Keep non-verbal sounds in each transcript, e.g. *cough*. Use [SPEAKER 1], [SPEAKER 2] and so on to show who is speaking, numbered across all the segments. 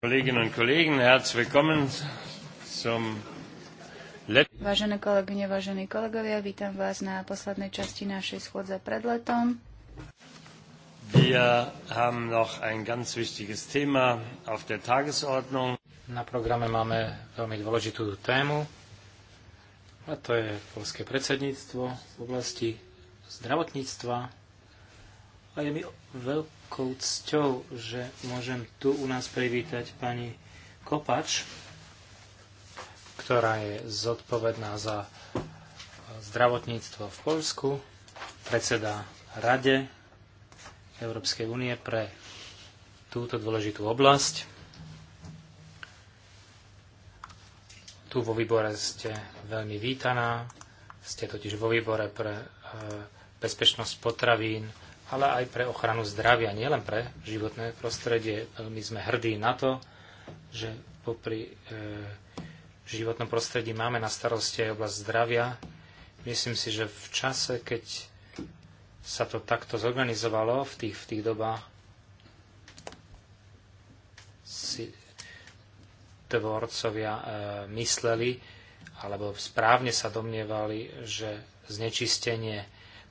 [SPEAKER 1] Kolleginnen und Kollegen, herzlich willkommen zum
[SPEAKER 2] Vážené kolegyne, vážení kolegovia, vítam vás na poslednej časti našej schôdze pred letom.
[SPEAKER 1] Wir haben noch ein ganz wichtiges Thema auf der
[SPEAKER 3] Tagesordnung. Na programe máme veľmi dôležitú tému a to je polské predsedníctvo v oblasti zdravotníctva. A je mi veľký veľkou cťou, že môžem tu u nás privítať pani Kopač, ktorá je zodpovedná za e, zdravotníctvo v Polsku, predseda Rade Európskej únie pre túto dôležitú oblasť. Tu vo výbore ste veľmi vítaná, ste totiž vo výbore pre e, bezpečnosť potravín, ale aj pre ochranu zdravia, nielen pre životné prostredie. Veľmi sme hrdí na to, že popri e, životnom prostredí máme na starosti aj oblasť zdravia. Myslím si, že v čase, keď sa to takto zorganizovalo v tých, v tých dobách, si tvorcovia e, mysleli, alebo správne sa domnievali, že znečistenie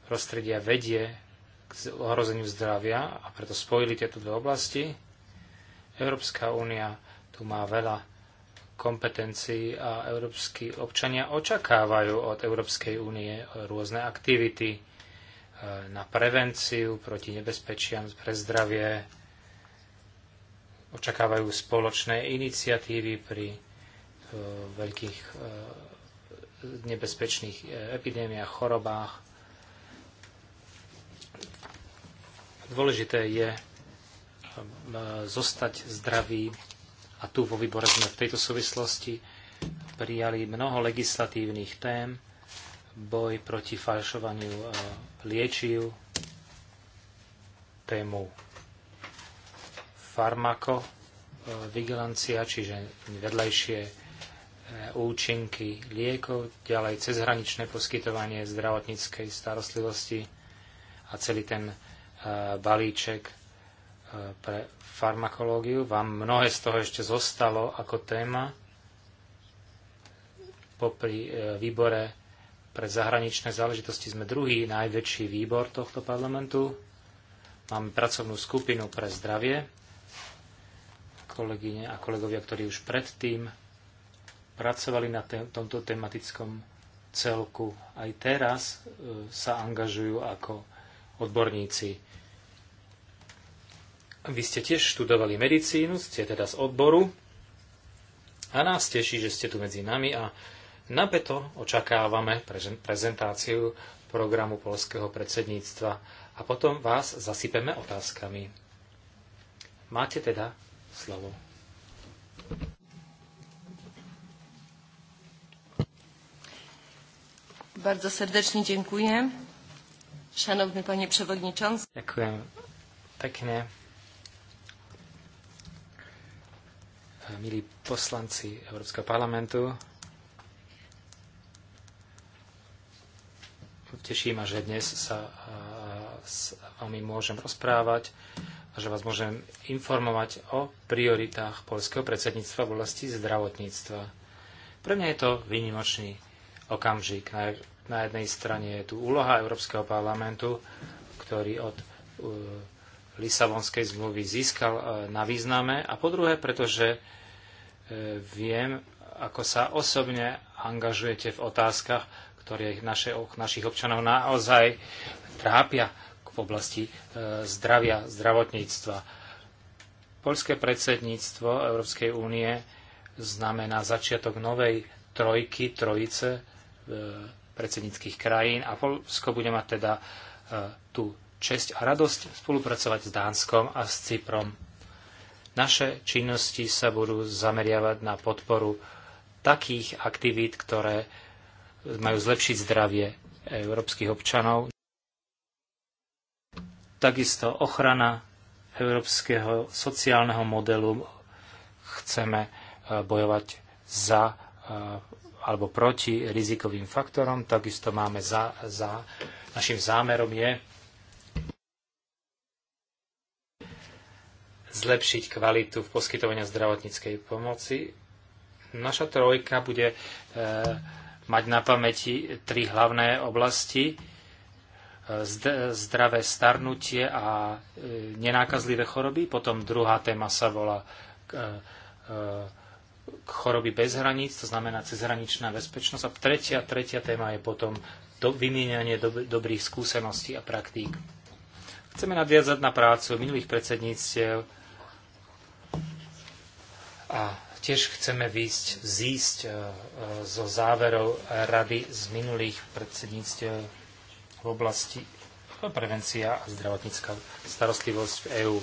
[SPEAKER 3] prostredia vedie k ohrozeniu zdravia a preto spojili tieto dve oblasti. Európska únia tu má veľa kompetencií a európsky občania očakávajú od Európskej únie rôzne aktivity e, na prevenciu proti nebezpečiam pre zdravie. Očakávajú spoločné iniciatívy pri e, veľkých e, nebezpečných epidémiách, chorobách Dôležité je um, zostať zdravý a tu vo výbore sme v tejto súvislosti prijali mnoho legislatívnych tém, boj proti falšovaniu uh, liečiv, tému farmako uh, vigilancia, čiže vedľajšie uh, účinky liekov, ďalej cezhraničné poskytovanie zdravotníckej starostlivosti a celý ten E, balíček e, pre farmakológiu. Vám mnohé z toho ešte zostalo ako téma popri e, výbore pre zahraničné záležitosti sme druhý najväčší výbor tohto parlamentu. Máme pracovnú skupinu pre zdravie. Kolegyne a kolegovia, ktorí už predtým pracovali na tomto tematickom celku, aj teraz sa angažujú ako odborníci. Vy ste tiež študovali medicínu, ste teda z odboru a nás teší, že ste tu medzi nami a napeto očakávame prezentáciu programu polského predsedníctva a potom vás zasypeme otázkami. Máte teda slovo.
[SPEAKER 4] Bardzo serdecznie dziękuję. Šanovný pani prevodničanc.
[SPEAKER 3] Ďakujem pekne. Milí poslanci Európskeho parlamentu, teší ma, že dnes sa s vami môžem rozprávať a že vás môžem informovať o prioritách polského predsedníctva v oblasti zdravotníctva. Pre mňa je to výnimočný okamžik. Na, na jednej strane je tu úloha Európskeho parlamentu, ktorý od e, Lisabonskej zmluvy získal e, na význame a po druhé, pretože e, viem, ako sa osobne angažujete v otázkach, ktoré naše, našich občanov naozaj trápia v oblasti zdravia, zdravotníctva. Poľské predsedníctvo Európskej únie znamená začiatok novej trojky, trojice, predsedníckých krajín a Polsko bude mať teda e, tú česť a radosť spolupracovať s Dánskom a s Cyprom. Naše činnosti sa budú zameriavať na podporu takých aktivít, ktoré majú zlepšiť zdravie európskych občanov. Takisto ochrana európskeho sociálneho modelu chceme e, bojovať za e, alebo proti rizikovým faktorom. Takisto máme za, za našim zámerom je zlepšiť kvalitu v poskytovania zdravotníckej pomoci. Naša trojka bude e, mať na pamäti tri hlavné oblasti. E, zd- zdravé starnutie a e, nenákazlivé choroby. Potom druhá téma sa volá e, e, choroby bez hraníc, to znamená cezhraničná bezpečnosť. A tretia, tretia téma je potom do, vymieňanie do, dobrých skúseností a praktík. Chceme nadviazať na prácu minulých predsedníctiev a tiež chceme výsť, zísť e, e, zo záverov rady z minulých predsedníctiev v oblasti prevencia a zdravotnícka starostlivosť v EÚ.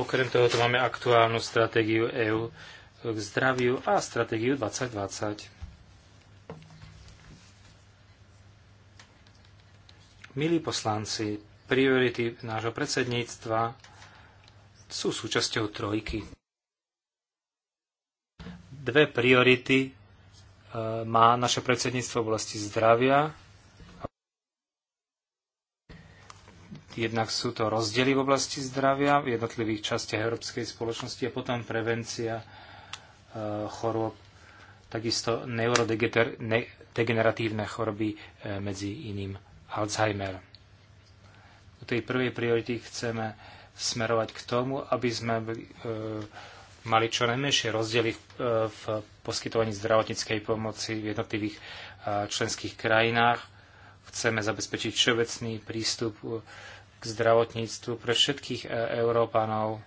[SPEAKER 3] Okrem toho tu máme aktuálnu stratégiu EÚ k zdraviu a stratégiu 2020. Milí poslanci, priority nášho predsedníctva sú súčasťou trojky. Dve priority e, má naše predsedníctvo v oblasti zdravia. Jednak sú to rozdiely v oblasti zdravia v jednotlivých častiach európskej spoločnosti a potom prevencia Eh, chorôb, takisto neurodegeneratívne choroby eh, medzi iným Alzheimer. U tej prvej priority chceme smerovať k tomu, aby sme eh, mali čo najmenšie rozdiely v poskytovaní zdravotníckej pomoci v jednotlivých členských krajinách. Chceme zabezpečiť všeobecný prístup k zdravotníctvu pre všetkých Európanov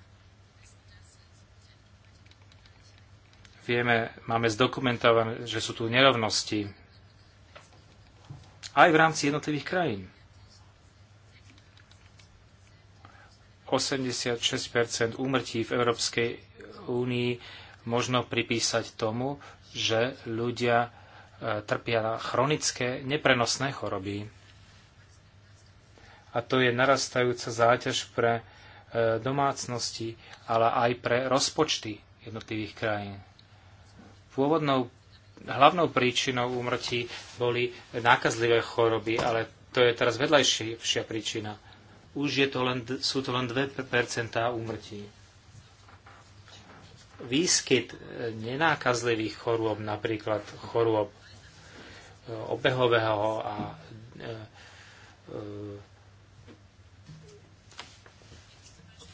[SPEAKER 3] Vieme, máme zdokumentované, že sú tu nerovnosti aj v rámci jednotlivých krajín. 86 úmrtí v Európskej únii možno pripísať tomu, že ľudia e, trpia na chronické neprenosné choroby. A to je narastajúca záťaž pre e, domácnosti, ale aj pre rozpočty jednotlivých krajín. Pôvodnou hlavnou príčinou úmrtí boli nákazlivé choroby, ale to je teraz vedľajšia príčina. Už je to len, sú to len 2% úmrtí. Výskyt e, nenákazlivých chorôb, napríklad chorôb e, obehového a e,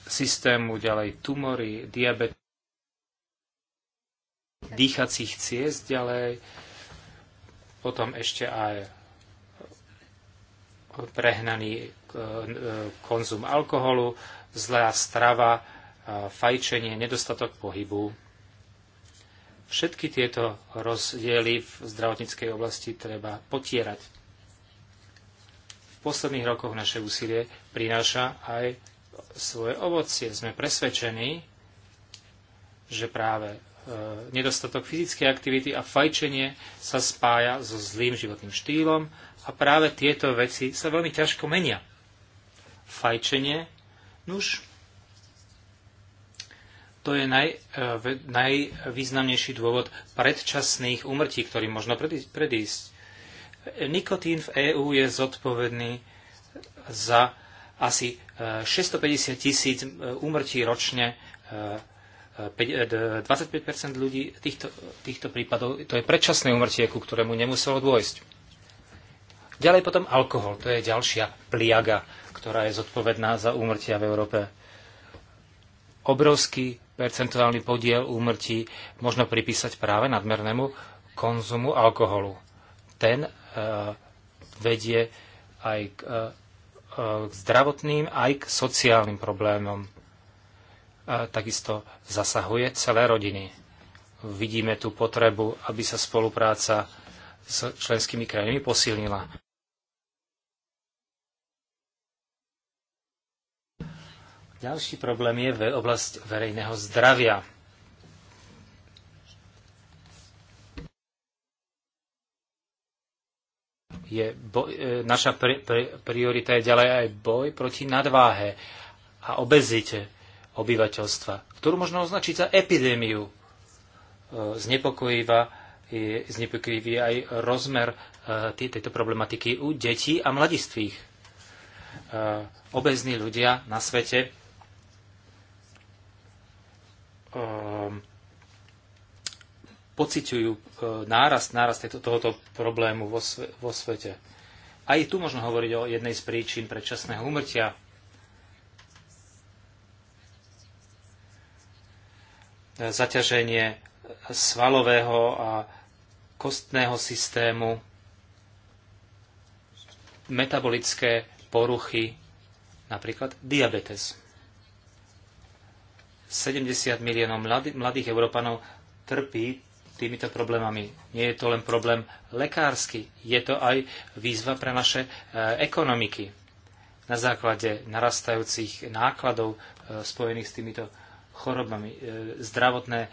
[SPEAKER 3] systému, ďalej tumory, diabetes, dýchacích ciest ďalej, potom ešte aj prehnaný e, e, konzum alkoholu, zlá strava, e, fajčenie, nedostatok pohybu. Všetky tieto rozdiely v zdravotníckej oblasti treba potierať. V posledných rokoch naše úsilie prináša aj svoje ovocie. Sme presvedčení, že práve E, nedostatok fyzickej aktivity a fajčenie sa spája so zlým životným štýlom a práve tieto veci sa veľmi ťažko menia. Fajčenie, nuž, to je naj, e, najvýznamnejší dôvod predčasných umrtí, ktorým možno predísť. E, nikotín v EÚ je zodpovedný za asi 650 tisíc úmrtí ročne 25 e, ľudí týchto, týchto prípadov, to je predčasné umrtie, ku ktorému nemuselo dôjsť. Ďalej potom alkohol, to je ďalšia pliaga, ktorá je zodpovedná za úmrtia v Európe. Obrovský percentuálny podiel úmrtí možno pripísať práve nadmernému konzumu alkoholu. Ten e, vedie aj k, e, e k zdravotným, aj k sociálnym problémom takisto zasahuje celé rodiny. Vidíme tu potrebu, aby sa spolupráca s členskými krajinami posilnila. Ďalší problém je oblasti verejného zdravia. Je boj, e, naša pri, pri, priorita je ďalej aj boj proti nadváhe a obezite obyvateľstva, ktorú možno označiť za epidémiu. E, znepokojivá je znepokojivý aj rozmer e, tejto problematiky u detí a mladistvých. E, obezní ľudia na svete pociťujú nárast, nárast tohoto problému vo svete. Aj tu možno hovoriť o jednej z príčin predčasného úmrtia zaťaženie svalového a kostného systému, metabolické poruchy, napríklad diabetes. 70 miliónov mladých Európanov trpí týmito problémami. Nie je to len problém lekársky, je to aj výzva pre naše e, ekonomiky na základe narastajúcich nákladov e, spojených s týmito chorobami, e, zdravotné e,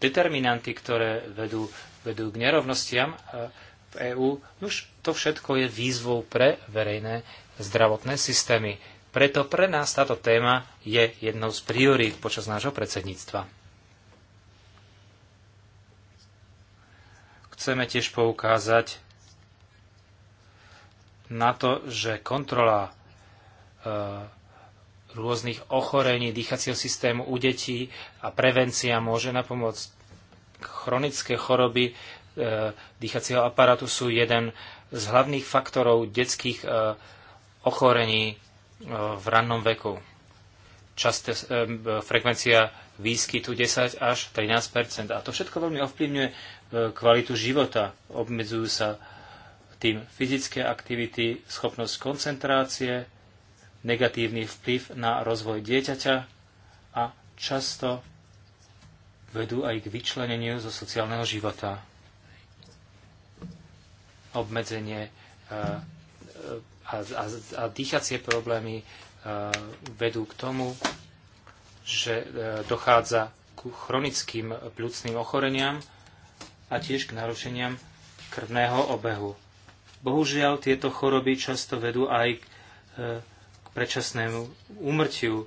[SPEAKER 3] determinanty, ktoré vedú, vedú k nerovnostiam e, v EÚ. Už to všetko je výzvou pre verejné zdravotné systémy. Preto pre nás táto téma je jednou z priorít počas nášho predsedníctva. Chceme tiež poukázať na to, že kontrola rôznych ochorení dýchacieho systému u detí a prevencia môže na pomoc. Chronické choroby e, dýchacieho aparátu sú jeden z hlavných faktorov detských e, ochorení e, v rannom veku. Časté e, frekvencia výskytu 10 až 13 A to všetko veľmi ovplyvňuje e, kvalitu života. Obmedzujú sa tým fyzické aktivity, schopnosť koncentrácie, negatívny vplyv na rozvoj dieťaťa a často vedú aj k vyčleneniu zo sociálneho života. Obmedzenie a, e, e, a, a, a dýchacie problémy e, vedú k tomu, že dochádza k chronickým plúcným ochoreniam a tiež k narušeniam krvného obehu. Bohužiaľ, tieto choroby často vedú aj k predčasnému úmrtiu.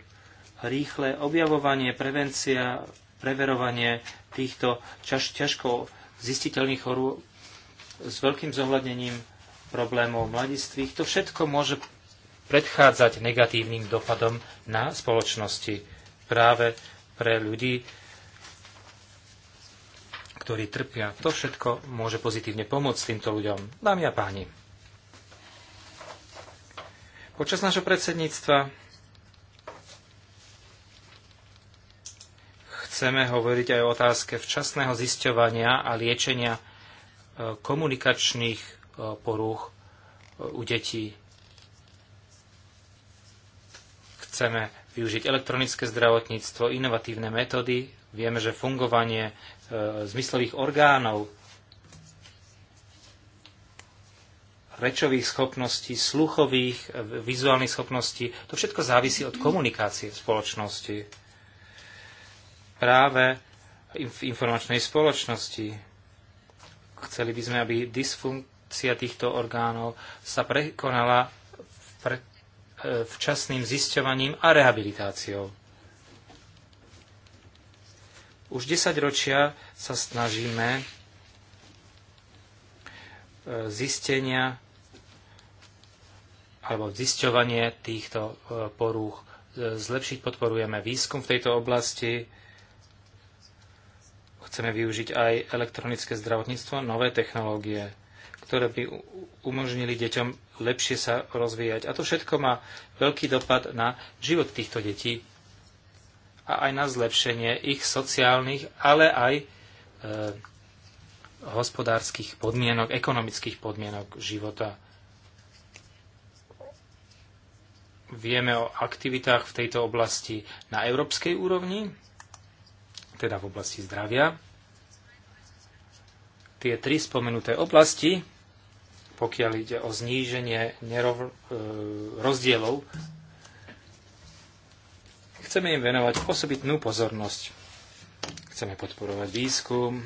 [SPEAKER 3] Rýchle objavovanie, prevencia, preverovanie týchto čaž, ťažko zistiteľných chorôb s veľkým zohľadnením problémov mladistvých, to všetko môže predchádzať negatívnym dopadom na spoločnosti práve pre ľudí, ktorí trpia. To všetko môže pozitívne pomôcť týmto ľuďom. Dámy a páni, Počas nášho predsedníctva chceme hovoriť aj o otázke včasného zisťovania a liečenia e, komunikačných e, porúch e, u detí. Chceme využiť elektronické zdravotníctvo, inovatívne metódy. Vieme, že fungovanie zmyslových orgánov rečových schopností, sluchových, vizuálnych schopností. To všetko závisí od komunikácie v spoločnosti. Práve v informačnej spoločnosti. Chceli by sme, aby dysfunkcia týchto orgánov sa prekonala e, včasným zisťovaním a rehabilitáciou. Už 10 ročia sa snažíme e, zistenia alebo zisťovanie týchto e, porúch e, zlepšiť. Podporujeme výskum v tejto oblasti. Chceme využiť aj elektronické zdravotníctvo, nové technológie, ktoré by umožnili deťom lepšie sa rozvíjať. A to všetko má veľký dopad na život týchto detí a aj na zlepšenie ich sociálnych, ale aj e, hospodárskych podmienok, ekonomických podmienok života vieme o aktivitách v tejto oblasti na európskej úrovni, teda v oblasti zdravia. Tie tri spomenuté oblasti, pokiaľ ide o zníženie nerov, e, rozdielov, chceme im venovať osobitnú pozornosť. Chceme podporovať výskum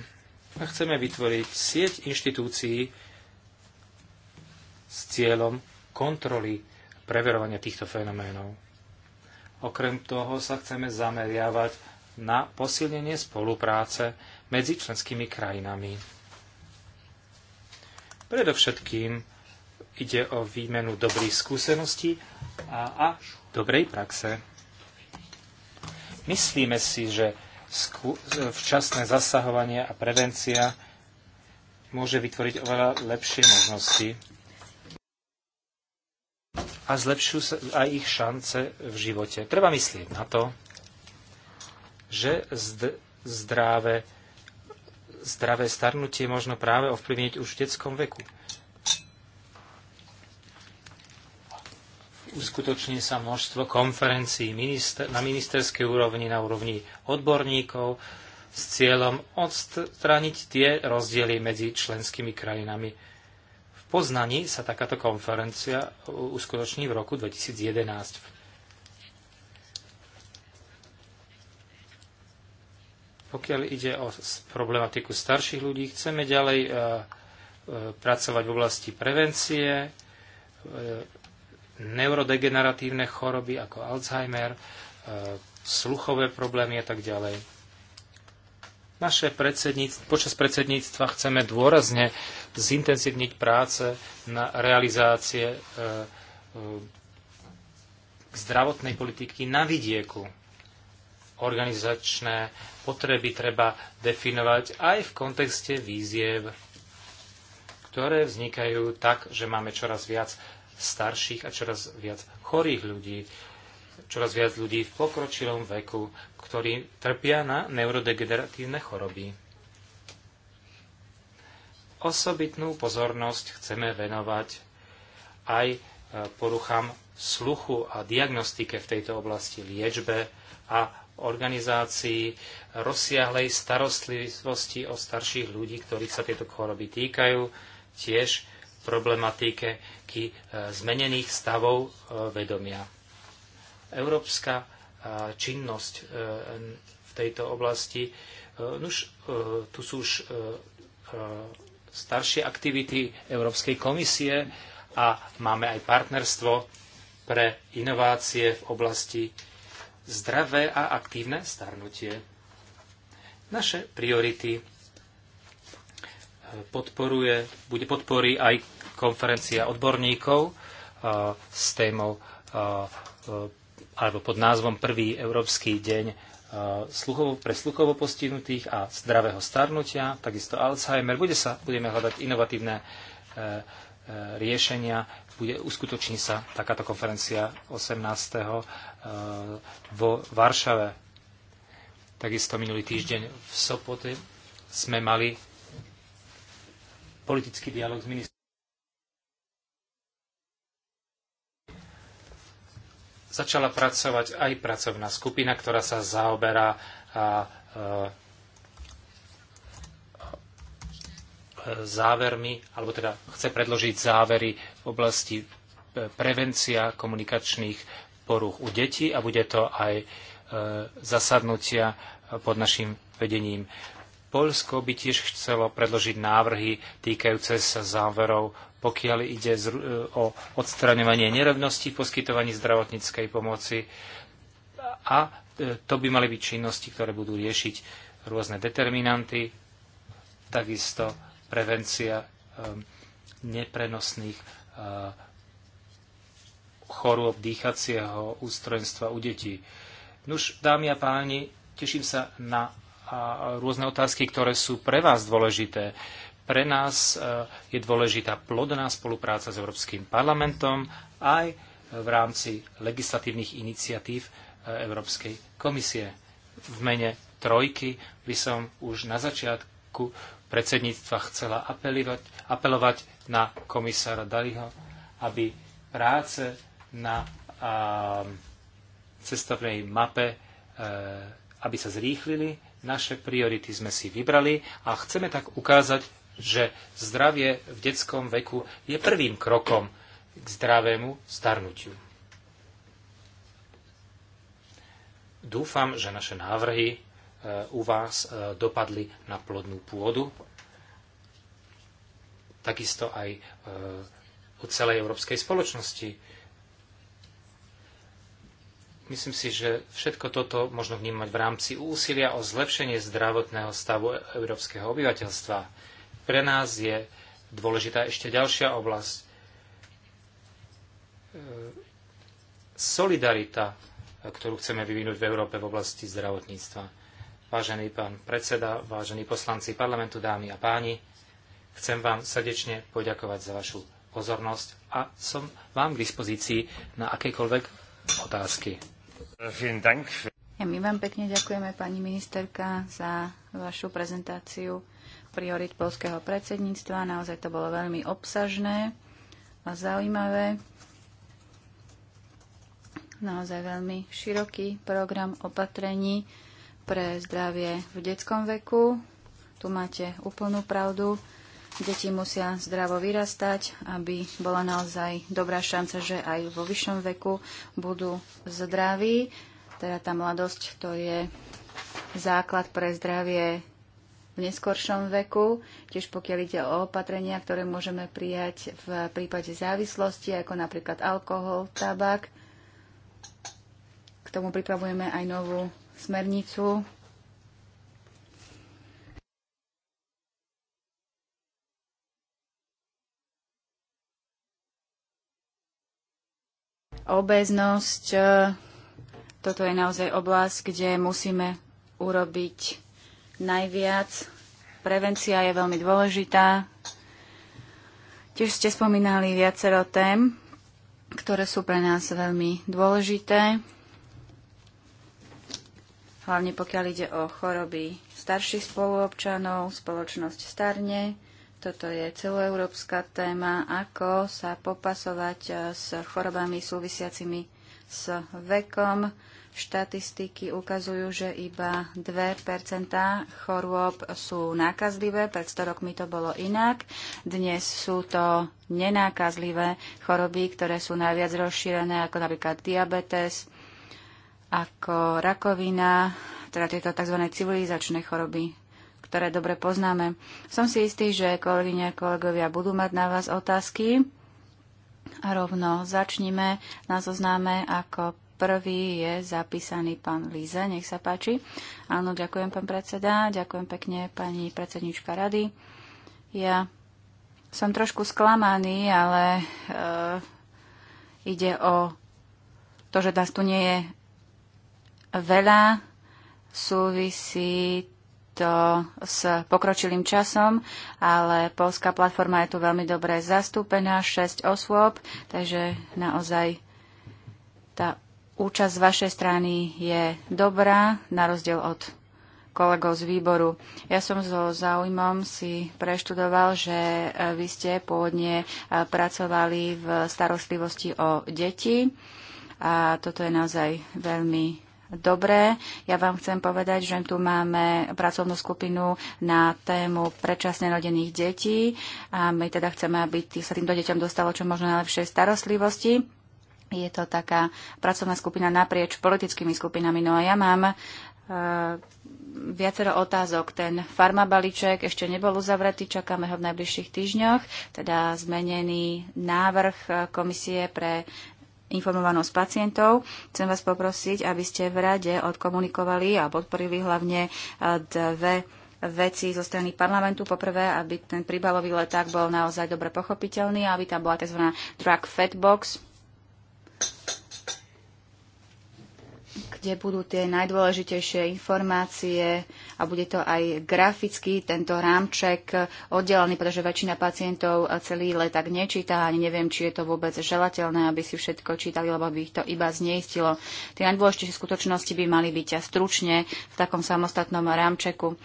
[SPEAKER 3] a chceme vytvoriť sieť inštitúcií s cieľom kontroly preverovania týchto fenoménov. Okrem toho sa chceme zameriavať na posilnenie spolupráce medzi členskými krajinami. Predovšetkým ide o výmenu dobrých skúseností a, a dobrej praxe. Myslíme si, že včasné zasahovanie a prevencia môže vytvoriť oveľa lepšie možnosti a zlepšujú sa aj ich šance v živote. Treba myslieť na to, že zd- zdravé, zdravé starnutie možno práve ovplyvniť už v detskom veku. Uskutoční sa množstvo konferencií minister- na ministerskej úrovni, na úrovni odborníkov s cieľom odstrániť tie rozdiely medzi členskými krajinami Poznaní sa takáto konferencia uskutoční v roku 2011. Pokiaľ ide o problematiku starších ľudí, chceme ďalej e, e, pracovať v oblasti prevencie, e, neurodegeneratívne choroby ako Alzheimer, sluchové problémy a tak ďalej. Naše predsedníctvo, počas predsedníctva chceme dôrazne zintenzívniť práce na realizácie e, e, zdravotnej politiky na vidieku. Organizačné potreby treba definovať aj v kontexte víziev, ktoré vznikajú tak, že máme čoraz viac starších a čoraz viac chorých ľudí, čoraz viac ľudí v pokročilom veku, ktorí trpia na neurodegeneratívne choroby osobitnú pozornosť chceme venovať aj e, poruchám sluchu a diagnostike v tejto oblasti, liečbe a organizácii rozsiahlej starostlivosti o starších ľudí, ktorých sa tieto choroby týkajú, tiež problematike e, zmenených stavov e, vedomia. Európska činnosť v tejto oblasti, už tu sú už staršie aktivity Európskej komisie a máme aj partnerstvo pre inovácie v oblasti zdravé a aktívne starnutie. Naše priority e, podporuje, bude podporí aj konferencia odborníkov e, s témou e, alebo pod názvom Prvý Európsky deň E, sluchovo, pre sluchovo postihnutých a zdravého starnutia, takisto Alzheimer. Bude sa, budeme hľadať inovatívne e, e, riešenia. Bude, uskutoční sa takáto konferencia 18. E, vo Varšave. Takisto minulý týždeň v Sopote sme mali politický dialog s ministrom začala pracovať aj pracovná skupina, ktorá sa zaoberá a, e, závermi, alebo teda chce predložiť závery v oblasti e, prevencia komunikačných poruch u detí a bude to aj e, zasadnutia pod našim vedením. Polsko by tiež chcelo predložiť návrhy týkajúce sa záverov pokiaľ ide e, o odstraňovanie nerovností v poskytovaní zdravotníckej pomoci. A e, to by mali byť činnosti, ktoré budú riešiť rôzne determinanty, takisto prevencia e, neprenosných chorôb dýchacieho ústrojenstva u detí. Nuž, dámy a páni, teším sa na rôzne otázky, ktoré sú pre vás dôležité pre nás e, je dôležitá plodná spolupráca s Európskym parlamentom aj v rámci legislatívnych iniciatív e, Európskej komisie. V mene trojky by som už na začiatku predsedníctva chcela apelovať, apelovať na komisára Daliho, aby práce na a, cestovnej mape, e, aby sa zrýchlili. Naše priority sme si vybrali a chceme tak ukázať že zdravie v detskom veku je prvým krokom k zdravému starnutiu. Dúfam, že naše návrhy e, u vás e, dopadli na plodnú pôdu, takisto aj e, u celej európskej spoločnosti. Myslím si, že všetko toto možno vnímať v rámci úsilia o zlepšenie zdravotného stavu európskeho obyvateľstva pre nás je dôležitá ešte ďalšia oblasť. Solidarita, ktorú chceme vyvinúť v Európe v oblasti zdravotníctva. Vážený pán predseda, vážení poslanci parlamentu, dámy a páni, chcem vám srdečne poďakovať za vašu pozornosť a som vám k dispozícii na akékoľvek otázky.
[SPEAKER 2] Ja my vám pekne ďakujeme, pani ministerka, za vašu prezentáciu priorit polského predsedníctva. Naozaj to bolo veľmi obsažné a zaujímavé. Naozaj veľmi široký program opatrení pre zdravie v detskom veku. Tu máte úplnú pravdu. Deti musia zdravo vyrastať, aby bola naozaj dobrá šanca, že aj vo vyššom veku budú zdraví. Teda tá mladosť to je základ pre zdravie v neskoršom veku, tiež pokiaľ ide o opatrenia, ktoré môžeme prijať v prípade závislosti, ako napríklad alkohol, tabak. K tomu pripravujeme aj novú smernicu. Obeznosť, eh, toto je naozaj oblasť, kde musíme urobiť najviac. Prevencia je veľmi dôležitá. Tiež ste spomínali viacero tém, ktoré sú pre nás veľmi dôležité, hlavne pokiaľ ide o choroby starších spoluobčanov, spoločnosť starne. Toto je celoeurópska téma, ako sa popasovať eh, s chorobami súvisiacimi s vekom. Štatistiky ukazujú, že iba 2% chorôb sú nákazlivé. Pred 100 rokmi to bolo inak. Dnes sú to nenákazlivé choroby, ktoré sú najviac rozšírené, ako napríklad diabetes, ako rakovina, teda tieto tzv. civilizačné choroby, ktoré dobre poznáme. Som si istý, že kolegyne a kolegovia budú mať na vás otázky. A rovno začnime na zozname ako Prvý je zapísaný pán Líza, nech sa páči. Áno, ďakujem pán predseda, ďakujem pekne pani predsednička rady. Ja som trošku sklamaný, ale e, ide o to, že nás tu nie je veľa, súvisí to s pokročilým časom, ale polská platforma je tu veľmi dobre zastúpená, 6 osôb, takže naozaj tá Účasť z vašej strany je dobrá, na rozdiel od kolegov z výboru. Ja som so záujmom si preštudoval, že e, vy ste pôvodne e, pracovali v starostlivosti o deti a toto je naozaj veľmi dobré. Ja vám chcem povedať, že tu máme pracovnú skupinu na tému predčasne rodených detí a my teda chceme, aby sa týmto deťom dostalo čo možno najlepšej starostlivosti. Je to taká pracovná skupina naprieč politickými skupinami. No a ja mám e, viacero otázok. Ten farmabalíček ešte nebol uzavretý, čakáme ho v najbližších týždňoch, teda zmenený návrh e, komisie pre informovanosť pacientov. Chcem vás poprosiť, aby ste v rade odkomunikovali a podporili hlavne e, dve veci zo strany parlamentu. Poprvé, aby ten príbalový leták bol naozaj dobre pochopiteľný, aby tam bola tzv. drug fat box, kde budú tie najdôležitejšie informácie a bude to aj graficky tento rámček eh, oddelený, pretože väčšina pacientov eh, celý let tak nečíta a neviem, či je to vôbec želateľné, aby si všetko čítali, lebo by ich to iba zneistilo. Tie najdôležitejšie skutočnosti by mali byť stručne v takom samostatnom rámčeku.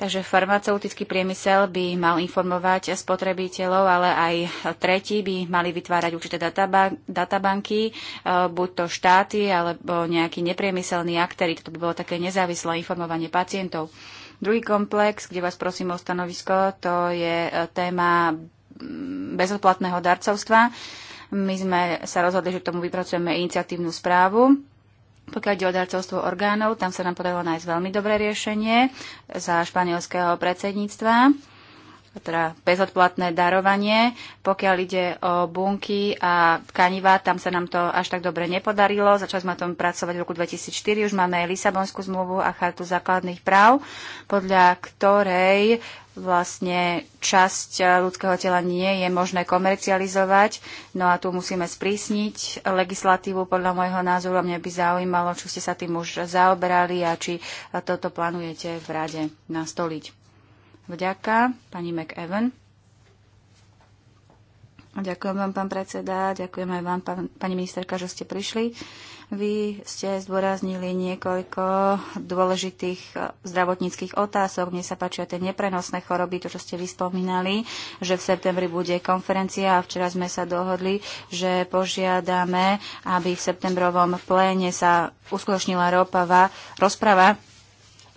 [SPEAKER 2] Takže farmaceutický priemysel by mal informovať spotrebiteľov, ale aj tretí by mali vytvárať určité databanky, e, buď to štáty alebo nejakí nepriemyselní aktéry. to by bolo také nezávislé informovanie pacientov. Druhý komplex, kde vás prosím o stanovisko, to je e, téma mm, bezodplatného darcovstva. My sme sa rozhodli, že k tomu vypracujeme iniciatívnu správu. Pokiaľ ide o darcovstvo orgánov, tam sa nám podarilo nájsť veľmi dobré riešenie za španielského predsedníctva teda bezodplatné darovanie. Pokiaľ ide o bunky a tkanivá, tam sa nám to až tak dobre nepodarilo. Začali sme o tom pracovať v roku 2004. Už máme aj Lisabonskú zmluvu a chartu základných práv, podľa ktorej vlastne časť ľudského tela nie je možné komercializovať. No a tu musíme sprísniť legislatívu. Podľa môjho názoru mňa by zaujímalo, či ste sa tým už zaoberali a či toto plánujete v rade nastoliť. Vďaka, pani McEwen. Ďakujem vám, pán predseda, ďakujem aj vám, pán, pani ministerka, že ste prišli. Vy ste zdôraznili niekoľko dôležitých eh, zdravotníckých otázok. Mne sa páčia tie neprenosné choroby, to, čo ste vyspomínali, že v septembri bude konferencia a včera sme sa dohodli, že požiadame, aby v septembrovom pléne sa uskutočnila rozprava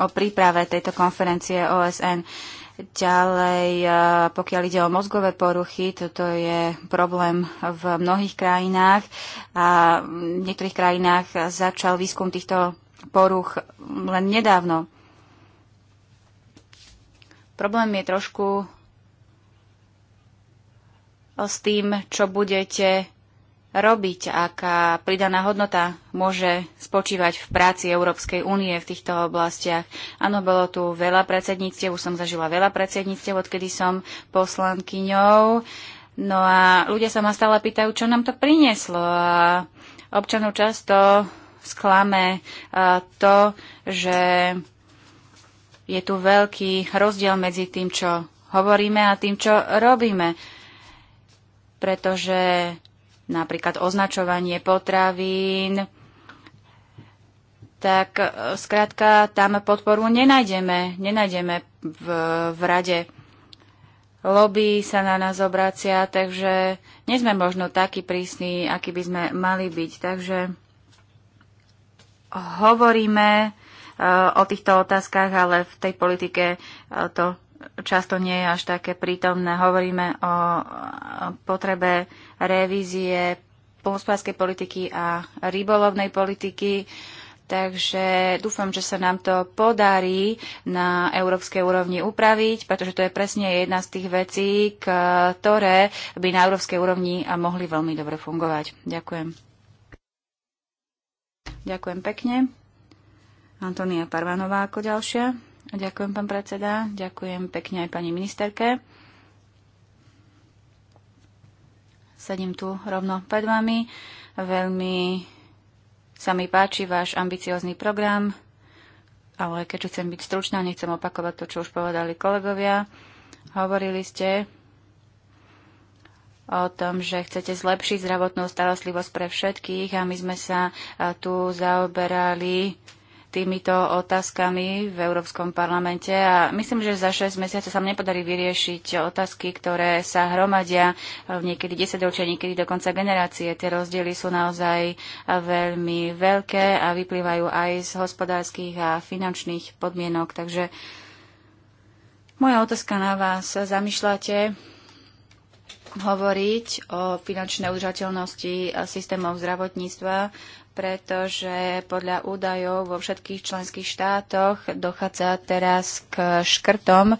[SPEAKER 2] o príprave tejto konferencie OSN. Ďalej, eh, pokiaľ ide o mozgové poruchy, toto je problém v mnohých krajinách a v niektorých krajinách začal výskum týchto poruch len nedávno. Problém je trošku s tým, čo budete robiť, aká pridaná hodnota môže spočívať v práci Európskej únie v týchto oblastiach. Áno, bolo tu veľa predsedníctiev, už som zažila veľa predsedníctiev, odkedy som poslankyňou. No a ľudia sa ma stále pýtajú, čo nám to prinieslo. A občanov často sklame to, že je tu veľký rozdiel medzi tým, čo hovoríme a tým, čo robíme. Pretože napríklad označovanie potravín, tak e, skrátka tam podporu nenájdeme, nenájdeme v, v rade. Lobby sa na nás obracia, takže nie sme možno takí prísni, aký by sme mali byť. Takže hovoríme e, o týchto otázkach, ale v tej politike e, to často nie je až také prítomné. Hovoríme o potrebe revízie polnospodárskej politiky a rybolovnej politiky. Takže dúfam, že sa nám to podarí na európskej úrovni upraviť, pretože to je presne jedna z tých vecí, ktoré by na európskej úrovni mohli veľmi dobre fungovať. Ďakujem. Ďakujem pekne. Antonia Parvanová ako ďalšia. Ďakujem, pán predseda. Ďakujem pekne aj pani ministerke. Sedím tu rovno pred vami. Veľmi sa mi páči váš ambiciózny program, ale keďže chcem byť stručná, nechcem opakovať to, čo už povedali kolegovia. Hovorili ste o tom, že chcete zlepšiť zdravotnú starostlivosť pre všetkých a my sme sa tu zaoberali týmito otázkami v Európskom parlamente a myslím, že za 6 mesiacov sa nepodarí vyriešiť otázky, ktoré sa hromadia v niekedy 10 ročia, niekedy dokonca generácie. Tie rozdiely sú naozaj veľmi veľké a vyplývajú aj z hospodárskych a finančných podmienok. Takže moja otázka na vás. Zamýšľate hovoriť o finančnej udržateľnosti systémov zdravotníctva pretože podľa údajov vo všetkých členských štátoch dochádza teraz k škrtom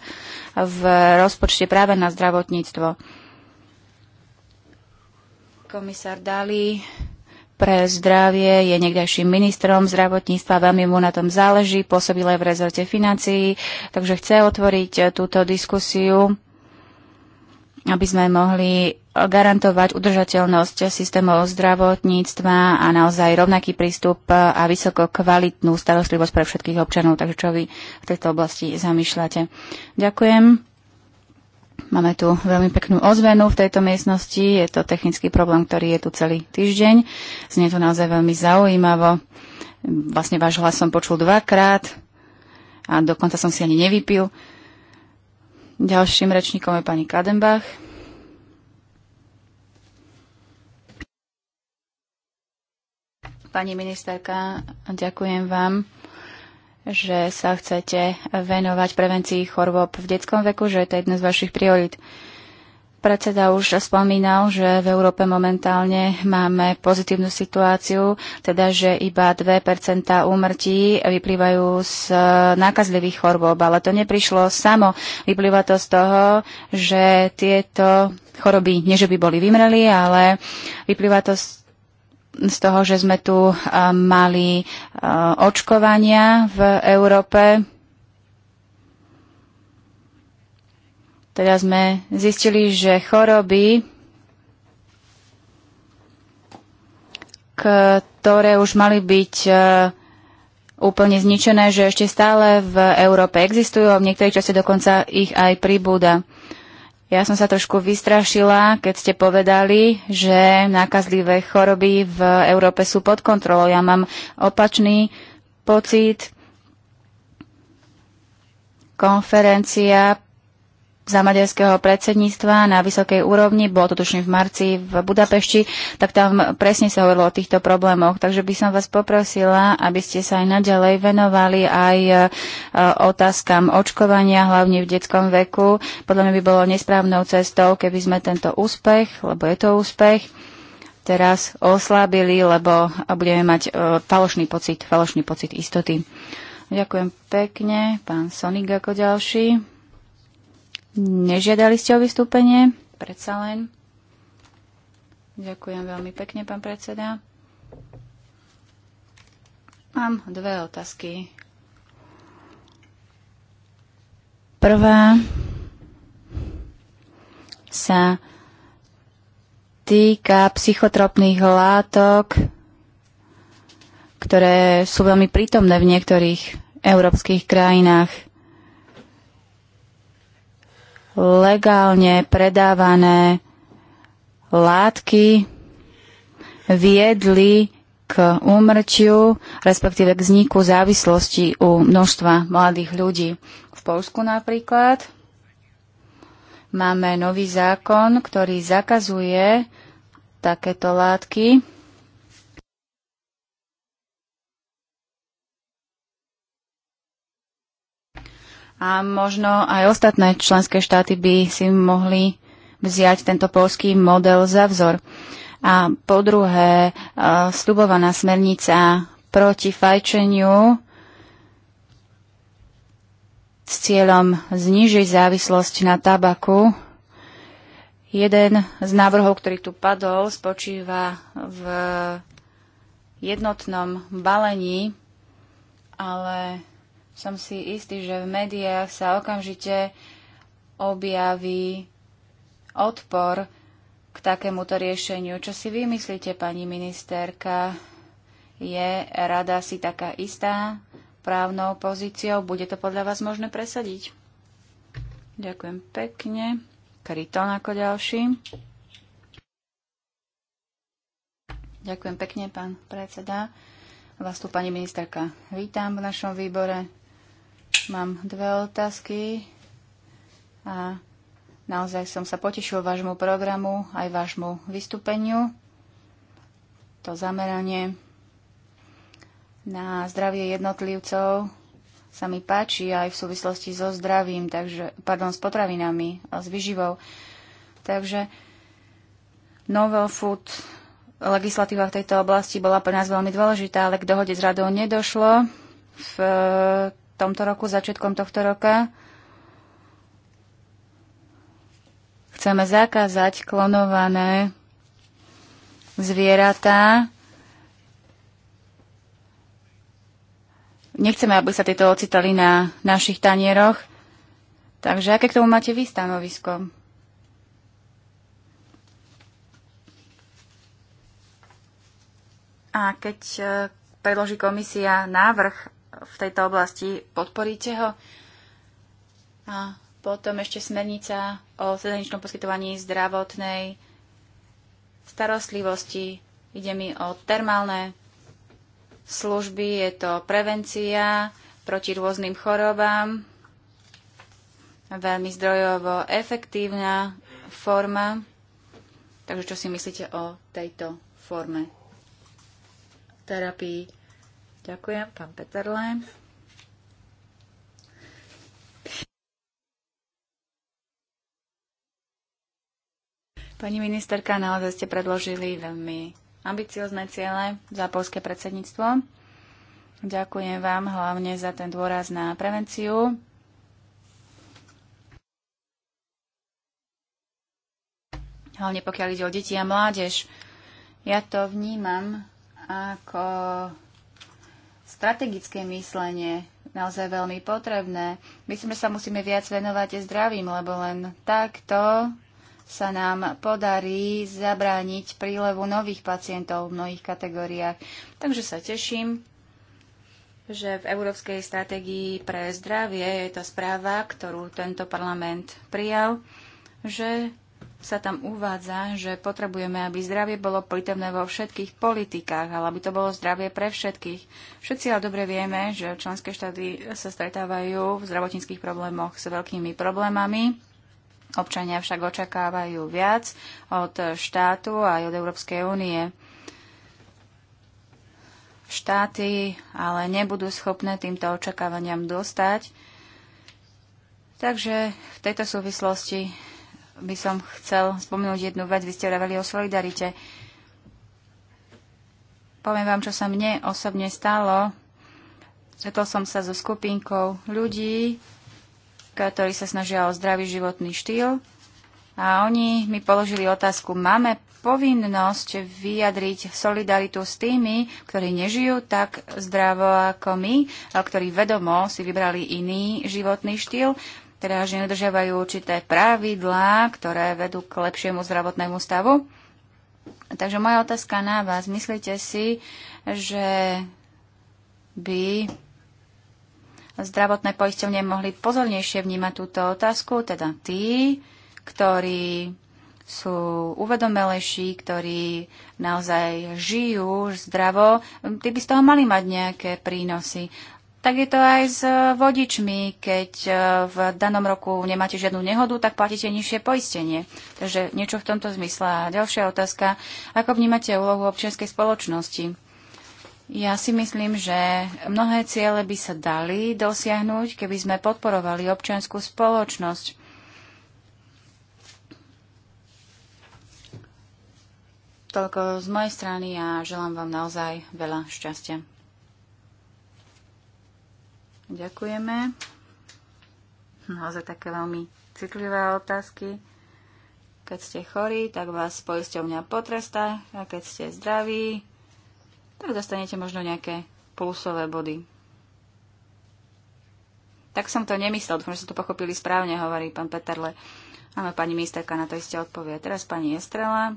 [SPEAKER 2] v rozpočte práve na zdravotníctvo. Komisár Dali pre zdravie je niekdajším ministrom zdravotníctva, veľmi mu na tom záleží, pôsobil aj v rezorte financií, takže chce otvoriť túto diskusiu aby sme mohli garantovať udržateľnosť systémov zdravotníctva a naozaj rovnaký prístup a vysoko kvalitnú starostlivosť pre všetkých občanov. Takže čo vy v tejto oblasti zamýšľate? Ďakujem. Máme tu veľmi peknú ozvenu v tejto miestnosti. Je to technický problém, ktorý je tu celý týždeň. Znie to naozaj veľmi zaujímavo. Vlastne váš hlas som počul dvakrát a dokonca som si ani nevypil. Ďalším rečníkom je pani Kadenbach. Pani ministerka, ďakujem vám, že sa chcete venovať prevencii chorôb v detskom veku, že to je jedna z vašich priorit. Predseda už spomínal, že v Európe momentálne máme pozitívnu situáciu, teda že iba 2 úmrtí vyplývajú z e, nákazlivých chorôb, ale to neprišlo samo. Vyplýva to z toho, že tieto choroby, nie že by boli vymreli, ale vyplýva to z z toho, že sme tu e, mali e, očkovania v Európe, Teda sme zistili, že choroby, ktoré už mali byť e, úplne zničené, že ešte stále v Európe existujú a v niektorých časoch dokonca ich aj pribúda. Ja som sa trošku vystrašila, keď ste povedali, že nákazlivé choroby v Európe sú pod kontrolou. Ja mám opačný pocit. Konferencia za maďarského predsedníctva na vysokej úrovni, bolo to tuším v marci v Budapešti, tak tam presne sa hovorilo o týchto problémoch. Takže by som vás poprosila, aby ste sa aj naďalej venovali aj e, otázkam očkovania, hlavne v detskom veku. Podľa mňa by bolo nesprávnou cestou, keby sme tento úspech, lebo je to úspech, teraz oslabili, lebo budeme mať e, falošný pocit, falošný pocit istoty. Ďakujem pekne, pán Sonik ako ďalší. Nežiadali ste o vystúpenie? Predsa len. Ďakujem veľmi pekne, pán predseda. Mám dve otázky. Prvá sa týka psychotropných látok, ktoré sú veľmi prítomné v niektorých európskych krajinách legálne predávané látky viedli k úmrtiu, respektíve k vzniku závislosti u množstva mladých ľudí. V Polsku napríklad máme nový zákon, ktorý zakazuje takéto látky. A možno aj ostatné členské štáty by si mohli vziať tento polský model za vzor. A po druhé, e, slubovaná smernica proti fajčeniu s cieľom znižiť závislosť na tabaku. Jeden z návrhov, ktorý tu padol, spočíva v jednotnom balení, ale som si istý, že v médiách sa okamžite objaví odpor k takémuto riešeniu. Čo si vymyslíte, pani ministerka? Je rada si taká istá právnou pozíciou? Bude to podľa vás možné presadiť? Ďakujem pekne. Kryton ako ďalší. Ďakujem pekne, pán predseda. Vás tu, pani ministerka, vítam v našom výbore. Mám dve otázky a naozaj som sa potešil vášmu programu aj vášmu vystúpeniu. To zameranie na zdravie jednotlivcov sa mi páči aj v súvislosti so zdravím, takže, pardon, s potravinami, a s vyživou. Takže novel food legislatíva v tejto oblasti bola pre nás veľmi dôležitá, ale k dohode s radou nedošlo. V tomto roku, začiatkom tohto roka. Chceme zakázať klonované zvieratá. Nechceme, aby sa tieto ocitali na našich tanieroch. Takže aké k tomu máte vy stanovisko? A keď eh, predloží komisia návrh v tejto oblasti, podporíte ho? A potom ešte smernica o sedaničnom poskytovaní zdravotnej starostlivosti. Ide mi o termálne služby, je to prevencia proti rôznym chorobám, veľmi zdrojovo efektívna forma. Takže čo si myslíte o tejto forme terapii? Ďakujem, pán Peterle. Pani ministerka, naozaj ste predložili veľmi ambiciozne ciele za polské predsedníctvo. Ďakujem vám hlavne za ten dôraz na prevenciu. Hlavne pokiaľ ide o deti a mládež. Ja to vnímam ako strategické myslenie naozaj veľmi potrebné. Myslím, že sa musíme viac venovať aj zdravím, lebo len takto sa nám podarí zabrániť prílevu nových pacientov v mnohých kategóriách. Takže sa teším, že v Európskej stratégii pre zdravie je to správa, ktorú tento parlament prijal, že sa tam uvádza, že potrebujeme, aby zdravie bolo prítomné vo všetkých politikách, ale aby to bolo zdravie pre všetkých. Všetci ale dobre vieme, že členské štáty sa stretávajú v zdravotníckých problémoch s veľkými problémami. Občania však očakávajú viac od štátu aj od Európskej únie. Štáty ale nebudú schopné týmto očakávaniam dostať. Takže v tejto súvislosti by som chcel spomenúť jednu vec. Vy ste hovorili o solidarite. Poviem vám, čo sa mne osobne stalo. Stretol som sa so skupinkou ľudí, ktorí sa snažia o zdravý životný štýl. A oni mi položili otázku, máme povinnosť vyjadriť solidaritu s tými, ktorí nežijú tak zdravo ako my, ale ktorí vedomo si vybrali iný životný štýl teda že nedržiavajú určité pravidlá, ktoré vedú k lepšiemu zdravotnému stavu. Takže moja otázka na vás. Myslíte si, že by zdravotné poisťovne mohli pozornejšie vnímať túto otázku, teda tí, ktorí sú uvedomelejší, ktorí naozaj žijú zdravo, tí by z toho mali mať nejaké prínosy tak je to aj s e, vodičmi. Keď e, v danom roku nemáte žiadnu nehodu, tak platíte nižšie poistenie. Takže niečo v tomto zmysle. A ďalšia otázka. Ako vnímate úlohu občianskej spoločnosti? Ja si myslím, že mnohé ciele by sa dali dosiahnuť, keby sme podporovali občianskú spoločnosť. Toľko z mojej strany a želám vám naozaj veľa šťastia. Ďakujeme. Naozaj také veľmi citlivé otázky. Keď ste chorí, tak vás poisťovňa potrestá a keď ste zdraví, tak dostanete možno nejaké plusové body. Tak som to nemyslel, dúfam, že ste to pochopili správne, hovorí pán Peterle. Áno, pani ministerka na to iste odpovie. Teraz pani Estrela.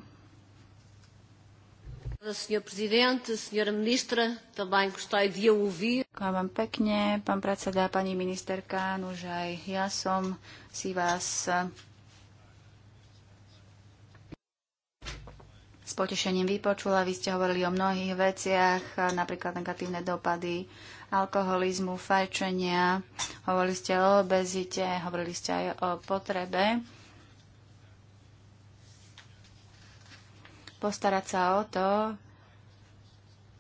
[SPEAKER 2] Senhor Presidente, Senhora Ministra, também de ouvir. Ďakujem vám pekne, pán predseda, pani ministerka, už aj ja som si vás s potešením vypočula. Vy ste hovorili o mnohých veciach, napríklad negatívne dopady alkoholizmu, fajčenia, hovorili ste o obezite, hovorili ste aj o potrebe postarať sa o to,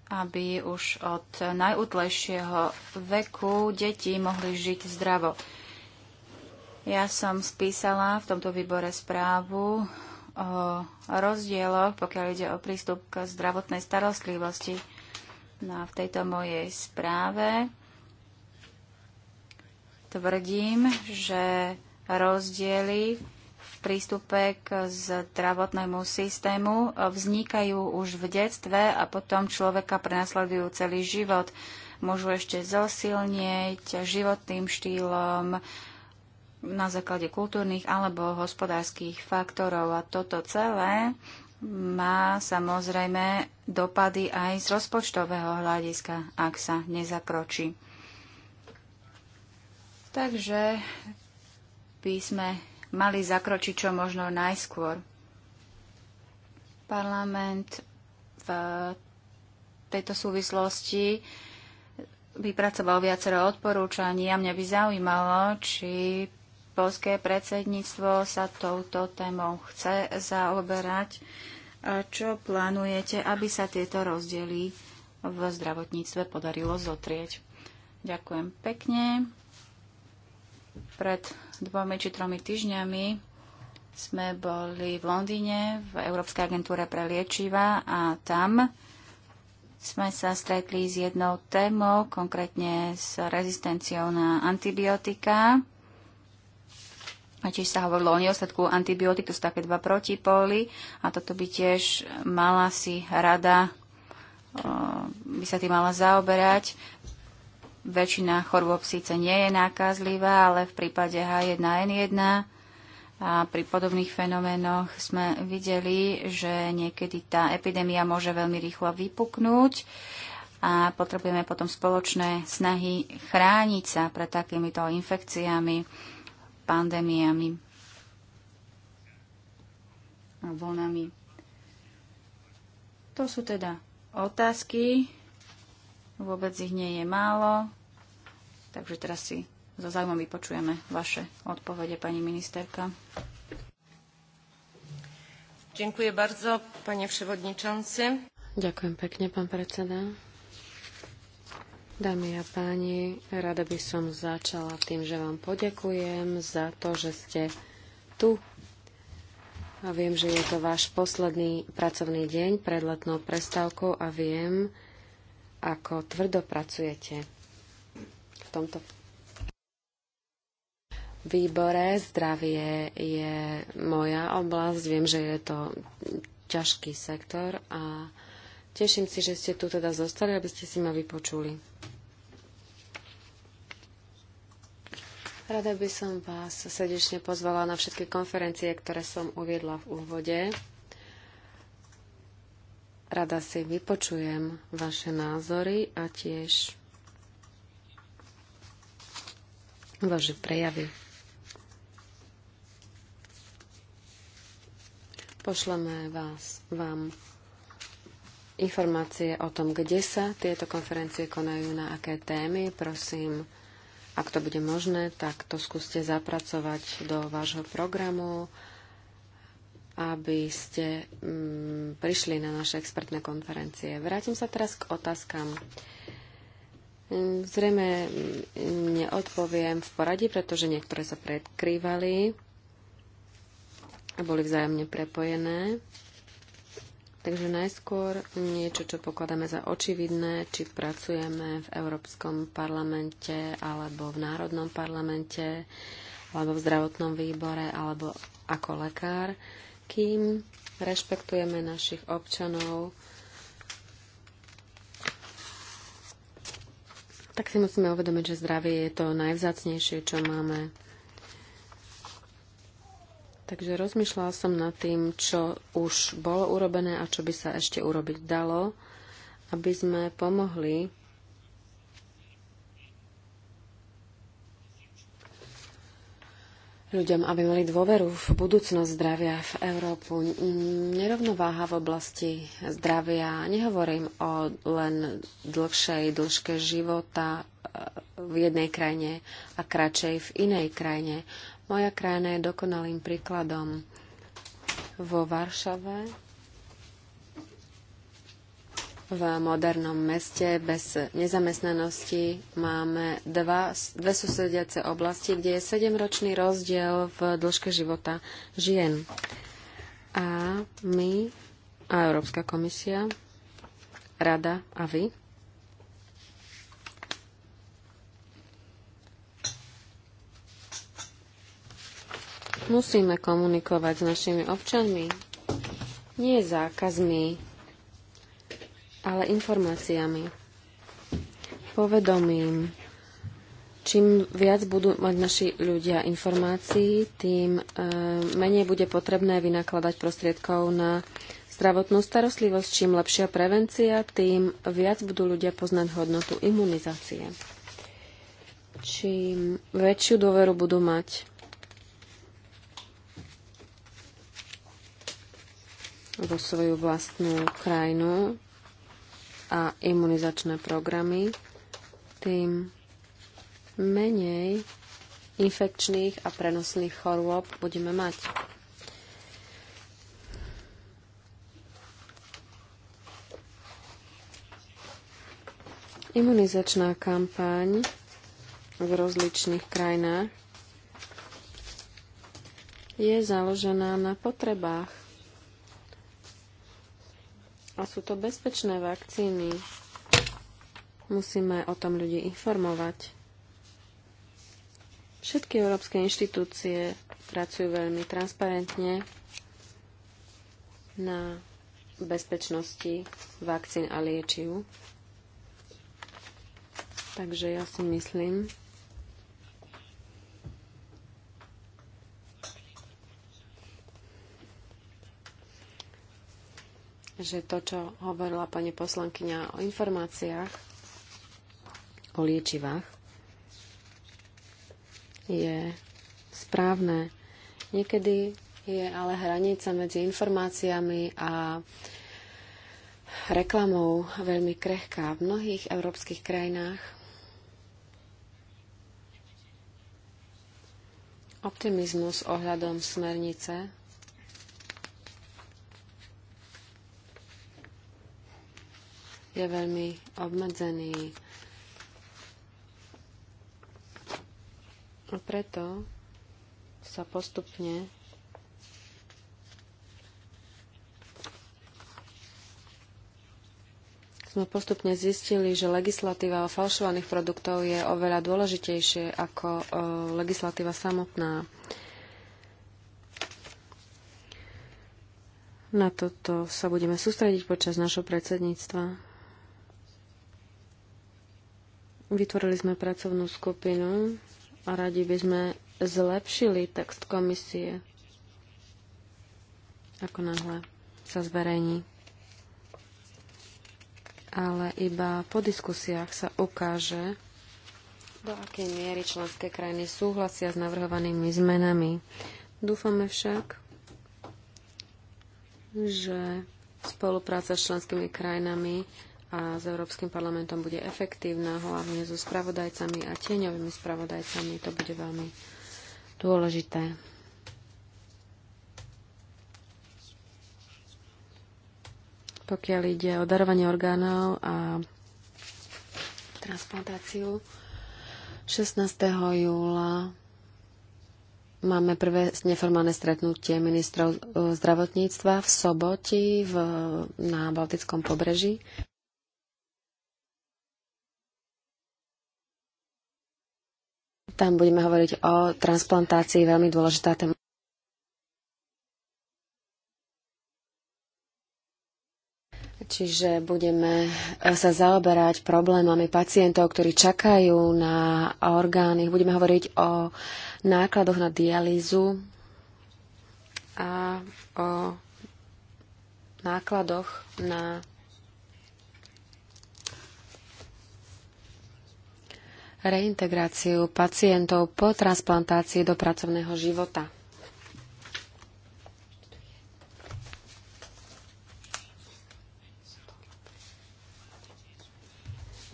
[SPEAKER 2] aby už od najútlejšieho veku deti mohli žiť zdravo. Ja som spísala v tomto výbore správu o rozdieloch, pokiaľ ide o prístup k zdravotnej starostlivosti. No a v tejto mojej správe tvrdím, že rozdiely prístupe k zdravotnému systému vznikajú už v detstve a potom človeka prenasledujú celý život. Môžu ešte zosilnieť životným štýlom na základe kultúrnych alebo hospodárskych faktorov. A toto celé má samozrejme dopady aj z rozpočtového hľadiska, ak sa nezakročí. Takže by sme mali zakročiť čo možno najskôr. Parlament v tejto súvislosti vypracoval viacero odporúčaní a mňa by zaujímalo, či polské predsedníctvo sa touto témou chce zaoberať. a Čo plánujete, aby sa tieto rozdiely v zdravotníctve podarilo zotrieť? Ďakujem pekne. Pred dvomi či tromi týždňami sme boli v Londýne v Európskej agentúre pre liečiva a tam sme sa stretli s jednou témou, konkrétne s rezistenciou na antibiotika. A tiež sa hovorilo o nedostatku antibiotik, to sú také dva protipóly a toto by tiež mala si rada by sa tým mala zaoberať Väčšina chorôb síce nie je nákazlivá, ale v prípade H1N1 a pri podobných fenoménoch sme videli, že niekedy tá epidémia môže veľmi rýchlo vypuknúť a potrebujeme potom spoločné snahy chrániť sa pred takýmito infekciami, pandémiami, vlnami. To sú teda otázky. Vôbec ich nie je málo. Takže teraz si za záujmom vypočujeme vaše odpovede, pani ministerka.
[SPEAKER 4] Ďakujem bardzo, panie przewodniczący. Ďakujem pekne, pán predseda. Dámy a páni, rada by som začala tým, že vám poďakujem za to, že ste tu. A viem, že je to váš posledný pracovný deň pred letnou prestávkou a viem, ako tvrdo pracujete v tomto výbore. Zdravie je moja oblasť. Viem, že je to ťažký sektor a teším si, že ste tu teda zostali, aby ste si ma vypočuli. Rada by som vás srdečne pozvala na všetky konferencie, ktoré som uviedla v úvode. Rada si vypočujem vaše názory a tiež vaše prejavy. Pošleme vás, vám informácie o tom, kde sa tieto konferencie konajú, na aké témy. Prosím, ak to bude možné, tak to skúste zapracovať do vášho programu, aby ste mm, prišli na naše expertné konferencie. Vrátim sa teraz k otázkam. Zrejme neodpoviem v poradí, pretože niektoré sa predkrývali a boli vzájomne prepojené. Takže najskôr niečo, čo pokladáme za očividné, či pracujeme v Európskom parlamente, alebo v Národnom parlamente, alebo v zdravotnom výbore, alebo ako lekár, kým rešpektujeme našich občanov, tak si musíme uvedomiť, že zdravie je to najvzácnejšie, čo máme. Takže rozmýšľala som nad tým, čo už bolo urobené a čo by sa ešte urobiť dalo, aby sme pomohli ľuďom, aby mali dôveru v budúcnosť zdravia v Európu. Nerovnováha v oblasti zdravia, nehovorím o len dlhšej dĺžke života eh, v jednej krajine a kratšej v inej krajine. Moja krajina je dokonalým príkladom. Vo Varšave v modernom meste bez nezamestnanosti. Máme dva, dve susediace oblasti, kde je 7-ročný rozdiel v dĺžke života žien. A my, a Európska komisia, Rada a vy, musíme komunikovať s našimi občanmi, nie zákazmi ale informáciami, povedomím. Čím viac budú mať naši ľudia informácií, tým e, menej bude potrebné vynakladať prostriedkov na zdravotnú starostlivosť. Čím lepšia prevencia, tým viac budú ľudia poznať hodnotu imunizácie. Čím väčšiu dôveru budú mať vo svoju vlastnú krajinu, a imunizačné programy, tým menej infekčných a prenosných chorôb budeme mať. Imunizačná kampaň v rozličných krajinách je založená na potrebách a sú to bezpečné vakcíny. Musíme o tom ľudí informovať. Všetky európske inštitúcie pracujú veľmi transparentne na bezpečnosti vakcín a liečiv. Takže ja si myslím, že to, čo hovorila pani poslankyňa o informáciách, o liečivách, je správne. Niekedy je ale hranica medzi informáciami a reklamou veľmi krehká. V mnohých európskych krajinách optimizmus ohľadom smernice je veľmi obmedzený. A preto sa postupne sme postupne zistili, že legislatíva o falšovaných produktov je oveľa dôležitejšie ako e, legislatíva samotná. Na toto sa budeme sústrediť počas našho predsedníctva. Vytvorili sme pracovnú skupinu a radi by sme zlepšili text komisie, ako náhle sa zverejní. Ale iba po diskusiách sa ukáže, do akej miery členské krajiny súhlasia s navrhovanými zmenami. Dúfame však, že spolupráca s členskými krajinami a s Európskym parlamentom bude efektívna, hlavne so spravodajcami a tieňovými spravodajcami. To bude veľmi dôležité. Pokiaľ ide o darovanie orgánov a transplantáciu, 16. júla máme prvé neformálne stretnutie ministrov e, zdravotníctva v soboti v, na Baltickom pobreží. Tam budeme hovoriť o transplantácii, veľmi dôležitá téma. Čiže budeme eh, sa zaoberať problémami pacientov, ktorí čakajú na orgány. Budeme hovoriť o nákladoch na dialýzu a o nákladoch na reintegráciu pacientov po transplantácii do pracovného života.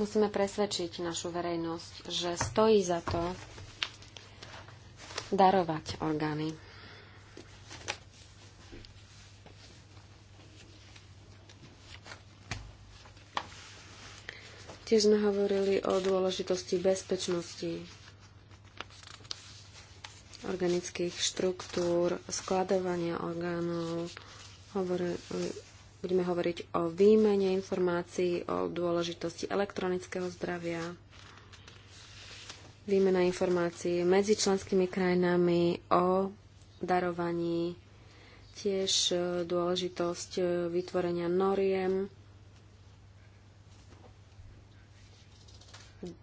[SPEAKER 4] Musíme presvedčiť našu verejnosť, že stojí za to darovať orgány. Taktiež sme hovorili o dôležitosti bezpečnosti organických štruktúr, skladovania orgánov. Hovorili, budeme hovoriť o výmene informácií, o dôležitosti elektronického zdravia, výmena informácií medzi členskými krajinami, o darovaní, tiež dôležitosť vytvorenia noriem,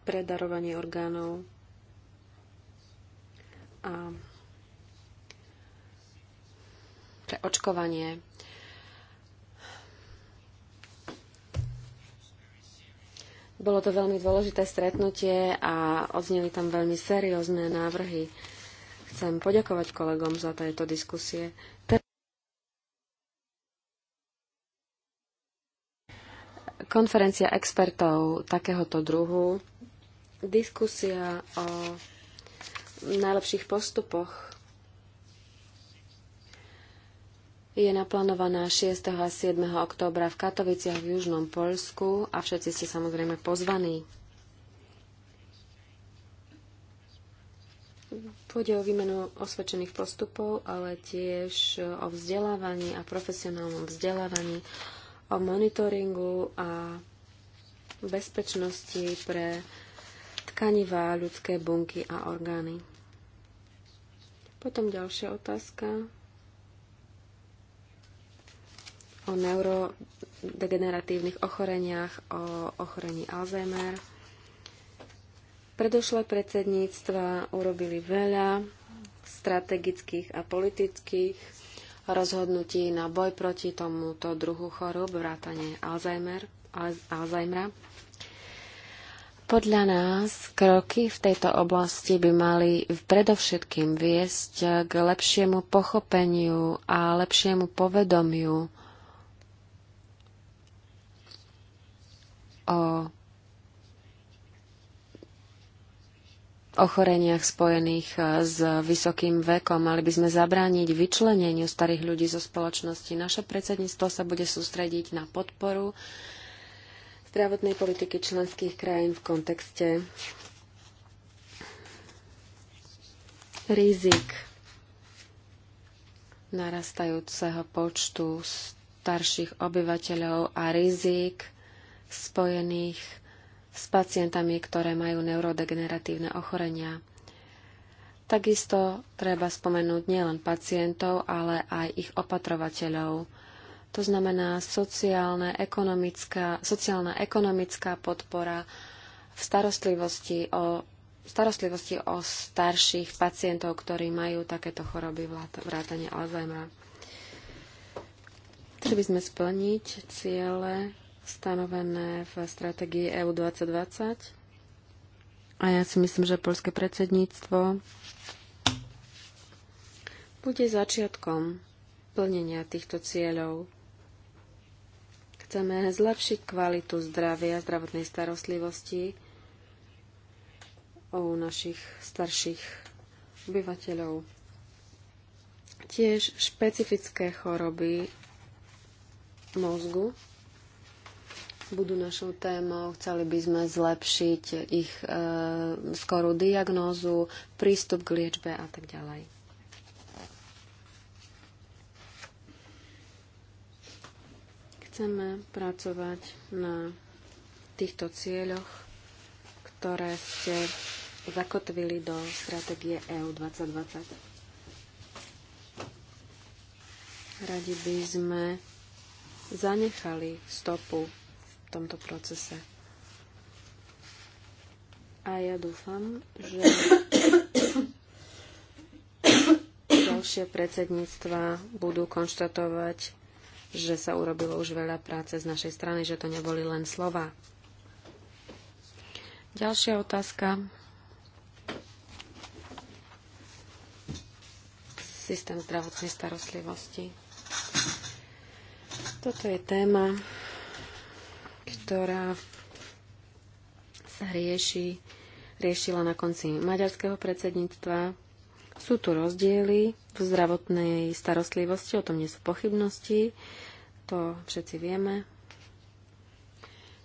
[SPEAKER 4] predarovanie orgánov a pre očkovanie. Bolo to veľmi dôležité stretnutie a odzneli tam veľmi seriózne návrhy. Chcem poďakovať kolegom za tieto diskusie. konferencia expertov takéhoto druhu, diskusia o najlepších postupoch je naplánovaná 6. a 7. októbra v Katoviciach v Južnom Poľsku a všetci ste samozrejme pozvaní. Pôjde o výmenu osvedčených postupov, ale tiež o vzdelávaní a profesionálnom vzdelávaní o monitoringu a bezpečnosti pre tkanivá, ľudské bunky a orgány. Potom ďalšia otázka o neurodegeneratívnych ochoreniach, o ochorení Alzheimer. Predošlé predsedníctva urobili veľa strategických a politických rozhodnutí na boj proti tomuto druhu chorób, vrátane Alzheimer, Alzheimera. Podľa nás kroky v tejto oblasti by mali predovšetkým viesť k lepšiemu pochopeniu a lepšiemu povedomiu o ochoreniach spojených eh, s vysokým vekom. Mali by sme zabrániť vyčleneniu starých ľudí zo spoločnosti. Naše predsedníctvo sa bude sústrediť na podporu zdravotnej politiky členských krajín v kontexte rizik narastajúceho počtu starších obyvateľov a rizik spojených s pacientami, ktoré majú neurodegeneratívne ochorenia. Takisto treba spomenúť nielen pacientov, ale aj ich opatrovateľov. To znamená sociálna, ekonomická, sociálna, ekonomická podpora v starostlivosti o, starostlivosti o starších pacientov, ktorí majú takéto choroby vrátane Alzheimera. Chceli by sme splniť ciele stanovené v stratégii EU 2020. A ja si myslím, že polské predsedníctvo bude začiatkom plnenia týchto cieľov. Chceme zlepšiť kvalitu zdravia, a zdravotnej starostlivosti u našich starších obyvateľov. Tiež špecifické choroby mozgu, budú našou témou. Chceli by sme zlepšiť ich e, skorú diagnózu, prístup k liečbe a tak ďalej. Chceme pracovať na týchto cieľoch, ktoré ste zakotvili do stratégie EU 2020. Radi by sme zanechali stopu tomto procese. A ja dúfam, že ďalšie predsedníctva budú konštatovať, že sa urobilo už veľa práce z našej strany, že to neboli len slova. Ďalšia otázka. Systém zdravotnej starostlivosti. Toto je téma, ktorá sa rieši, riešila na konci maďarského predsedníctva. Sú tu rozdiely v zdravotnej starostlivosti, o tom nie sú pochybnosti, to všetci vieme.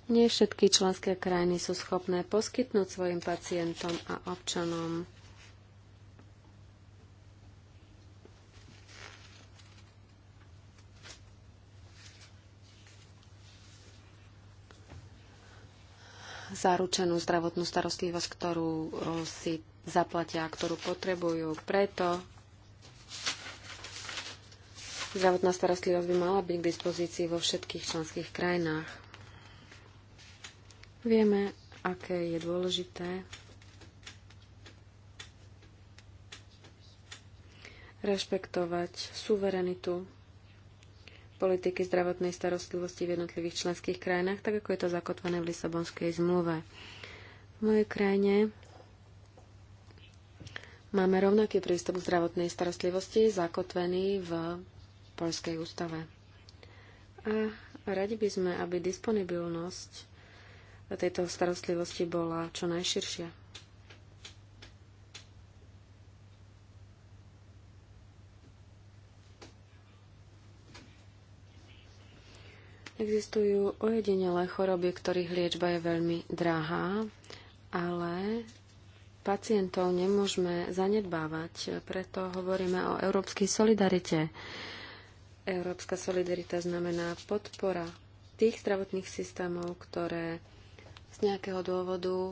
[SPEAKER 4] Nie všetky členské krajiny sú schopné poskytnúť svojim pacientom a občanom zaručenú zdravotnú starostlivosť, ktorú si zaplatia a ktorú potrebujú. Preto zdravotná starostlivosť by mala byť k dispozícii vo všetkých členských krajinách. Vieme, aké je dôležité rešpektovať suverenitu politiky zdravotnej starostlivosti v jednotlivých členských krajinách, tak ako je to zakotvené v Lisabonskej zmluve. V mojej krajine máme rovnaký prístup k zdravotnej starostlivosti zakotvený v Polskej ústave. A radi by sme, aby disponibilnosť tejto starostlivosti bola čo najširšia. Existujú ojedinelé choroby, ktorých liečba je veľmi drahá, ale pacientov nemôžeme zanedbávať. Preto hovoríme o európskej solidarite. Európska solidarita znamená podpora tých zdravotných systémov, ktoré z nejakého dôvodu,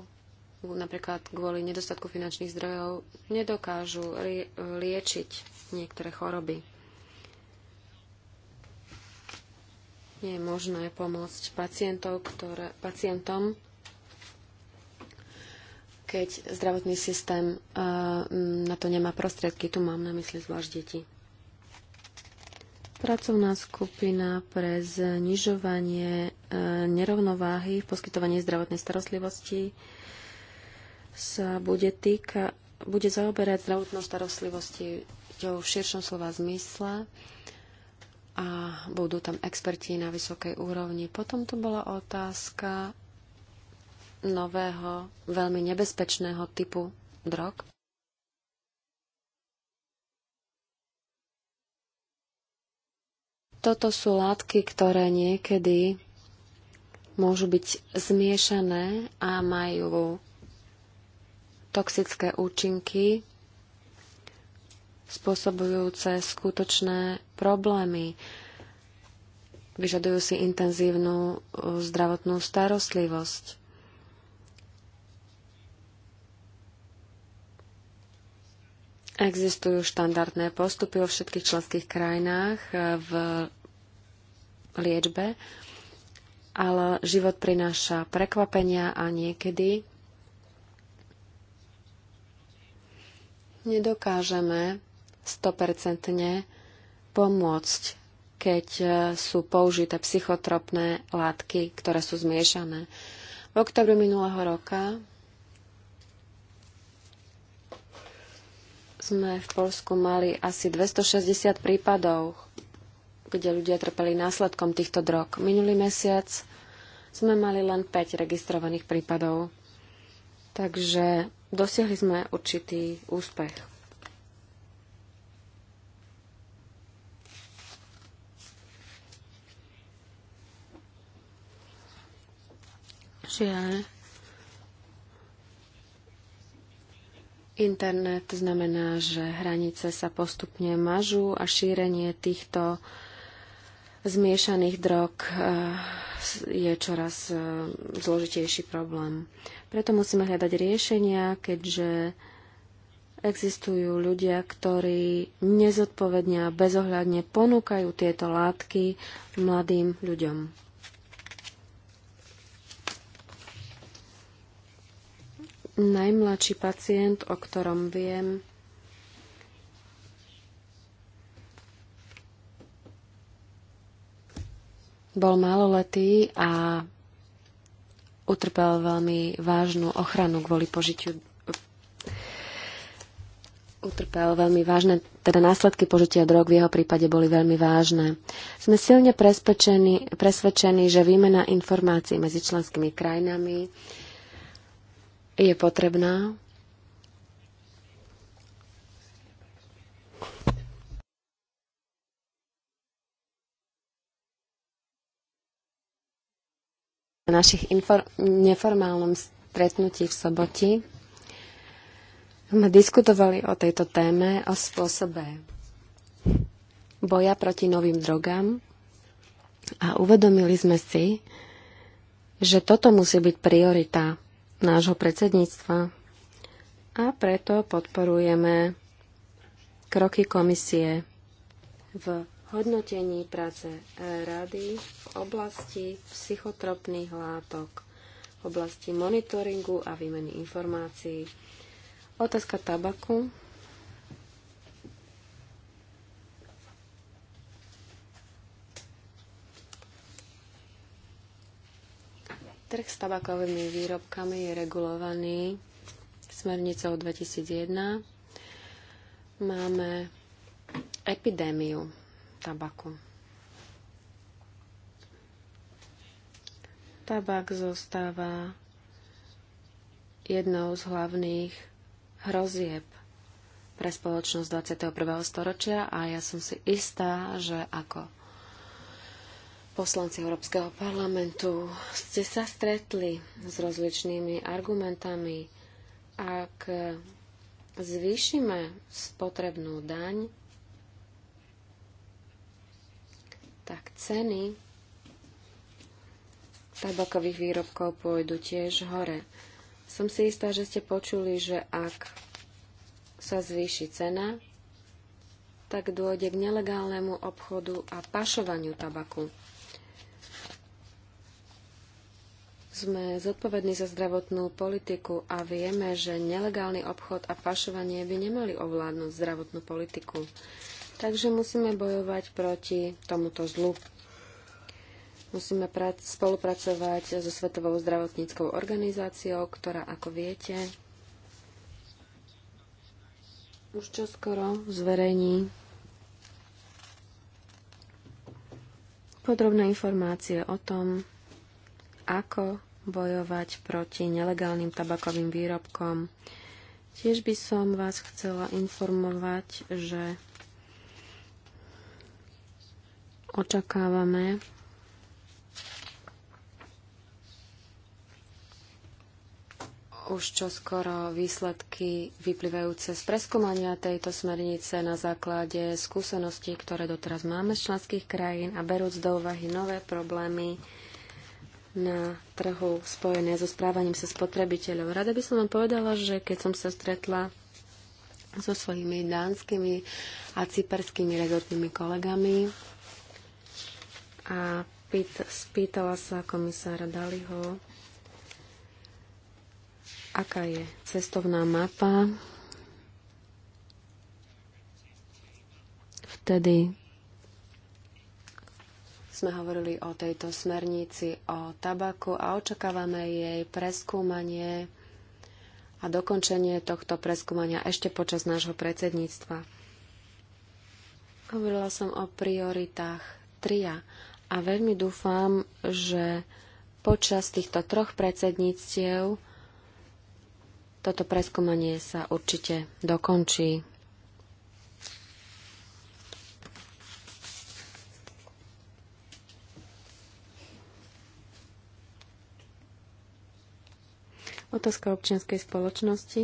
[SPEAKER 4] napríklad kvôli nedostatku finančných zdrojov, nedokážu liečiť niektoré choroby. je možné pomôcť pacientov, ktoré, pacientom, keď zdravotný systém e, na to nemá prostriedky. Tu mám na mysli zvlášť deti. Pracovná skupina pre znižovanie e, nerovnováhy v poskytovaní zdravotnej starostlivosti sa bude týka, bude zaoberať zdravotnou starostlivosťou v širšom slova zmysle a budú tam experti na vysokej úrovni. Potom tu bola otázka nového, veľmi nebezpečného typu drog. Toto sú látky, ktoré niekedy môžu byť zmiešané a majú toxické účinky spôsobujúce skutočné problémy. Vyžadujú si intenzívnu e, zdravotnú starostlivosť. Existujú štandardné postupy vo všetkých členských krajinách e, v liečbe, ale život prináša prekvapenia a niekedy nedokážeme stopercentne pomôcť, keď e, sú použité psychotropné látky, ktoré sú zmiešané. V oktobri minulého roka sme v Polsku mali asi 260 prípadov, kde ľudia trpeli následkom týchto drog. Minulý mesiac sme mali len 5 registrovaných prípadov. Takže dosiahli sme určitý úspech. Žiaľ. Internet znamená, že hranice sa postupne mažú a šírenie týchto zmiešaných drog eh, je čoraz eh, zložitejší problém. Preto musíme hľadať riešenia, keďže existujú ľudia, ktorí nezodpovedne a bezohľadne ponúkajú tieto látky mladým ľuďom. najmladší pacient, o ktorom viem, bol maloletý a utrpel veľmi vážnu ochranu kvôli požitiu utrpel veľmi vážne, teda následky požitia drog v jeho prípade boli veľmi vážne. Sme silne presvedčení, presvedčení že výmena informácií medzi členskými krajinami je potrebná. Na našich neformálnom stretnutí v soboti sme diskutovali o tejto téme, o spôsobe boja proti novým drogám a uvedomili sme si, že toto musí byť priorita nášho predsedníctva. A preto podporujeme kroky komisie v hodnotení práce rady v oblasti psychotropných látok, v oblasti monitoringu a výmeny informácií. Otázka tabaku Trh s tabakovými výrobkami je regulovaný smernicou 2001. Máme epidémiu tabaku. Tabak zostáva jednou z hlavných hrozieb pre spoločnosť 21. storočia a ja som si istá, že ako poslanci Európskeho parlamentu, ste sa stretli s rozličnými argumentami. Ak zvýšime spotrebnú daň, tak ceny tabakových výrobkov pôjdu tiež hore. Som si istá, že ste počuli, že ak sa zvýši cena, tak dôjde k nelegálnemu obchodu a pašovaniu tabaku. Sme zodpovední za zdravotnú politiku a vieme, že nelegálny obchod a pašovanie by nemali ovládnuť zdravotnú politiku. Takže musíme bojovať proti tomuto zlu. Musíme spolupracovať so Svetovou zdravotníckou organizáciou, ktorá, ako viete, už čoskoro zverejní podrobné informácie o tom, ako bojovať proti nelegálnym tabakovým výrobkom. Tiež by som vás chcela informovať, že očakávame už čoskoro výsledky vyplývajúce z preskúmania tejto smernice na základe skúseností, ktoré doteraz máme z členských krajín a berúc do úvahy nové problémy, na trhu spojené so správaním sa spotrebiteľov. Rada by som vám povedala, že keď som sa stretla so svojimi dánskymi a cyperskými rezortnými kolegami a pýt, spýtala sa komisára Daliho, aká je cestovná mapa. Vtedy sme hovorili o tejto smernici o tabaku a očakávame jej preskúmanie a dokončenie tohto preskúmania ešte počas nášho predsedníctva. Hovorila som o prioritách tria a veľmi dúfam, že počas týchto troch predsedníctiev toto preskúmanie sa určite dokončí. Otázka občianskej spoločnosti.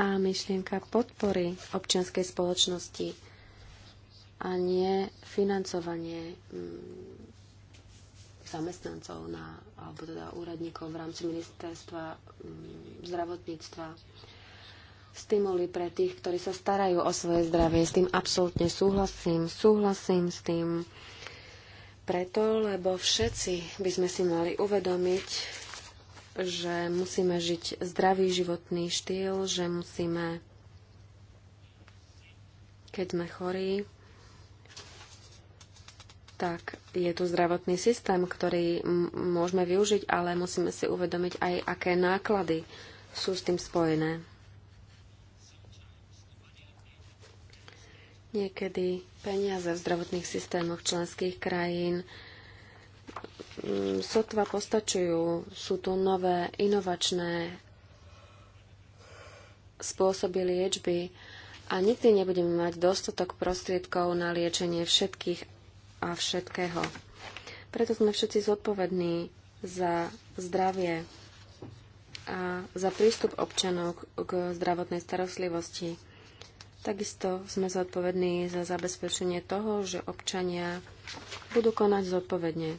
[SPEAKER 4] A myšlienka podpory občianskej spoločnosti a nie financovanie mm, zamestnancov na, alebo teda úradníkov v rámci ministerstva mm, zdravotníctva. Stimuly pre tých, ktorí sa starajú o svoje zdravie. S tým absolútne súhlasím. Súhlasím s tým preto, lebo všetci by sme si mali uvedomiť, že musíme žiť zdravý životný štýl, že musíme, keď sme chorí, tak je tu zdravotný systém, ktorý môžeme využiť, ale musíme si uvedomiť aj, aké náklady sú s tým spojené. Niekedy peniaze v zdravotných systémoch členských krajín mm, sotva postačujú. Sú tu nové inovačné spôsoby liečby a nikdy nebudeme mať dostatok prostriedkov na liečenie všetkých a všetkého. Preto sme všetci zodpovední za zdravie a za prístup občanov k zdravotnej starostlivosti. Takisto sme zodpovední za zabezpečenie toho, že občania budú konať zodpovedne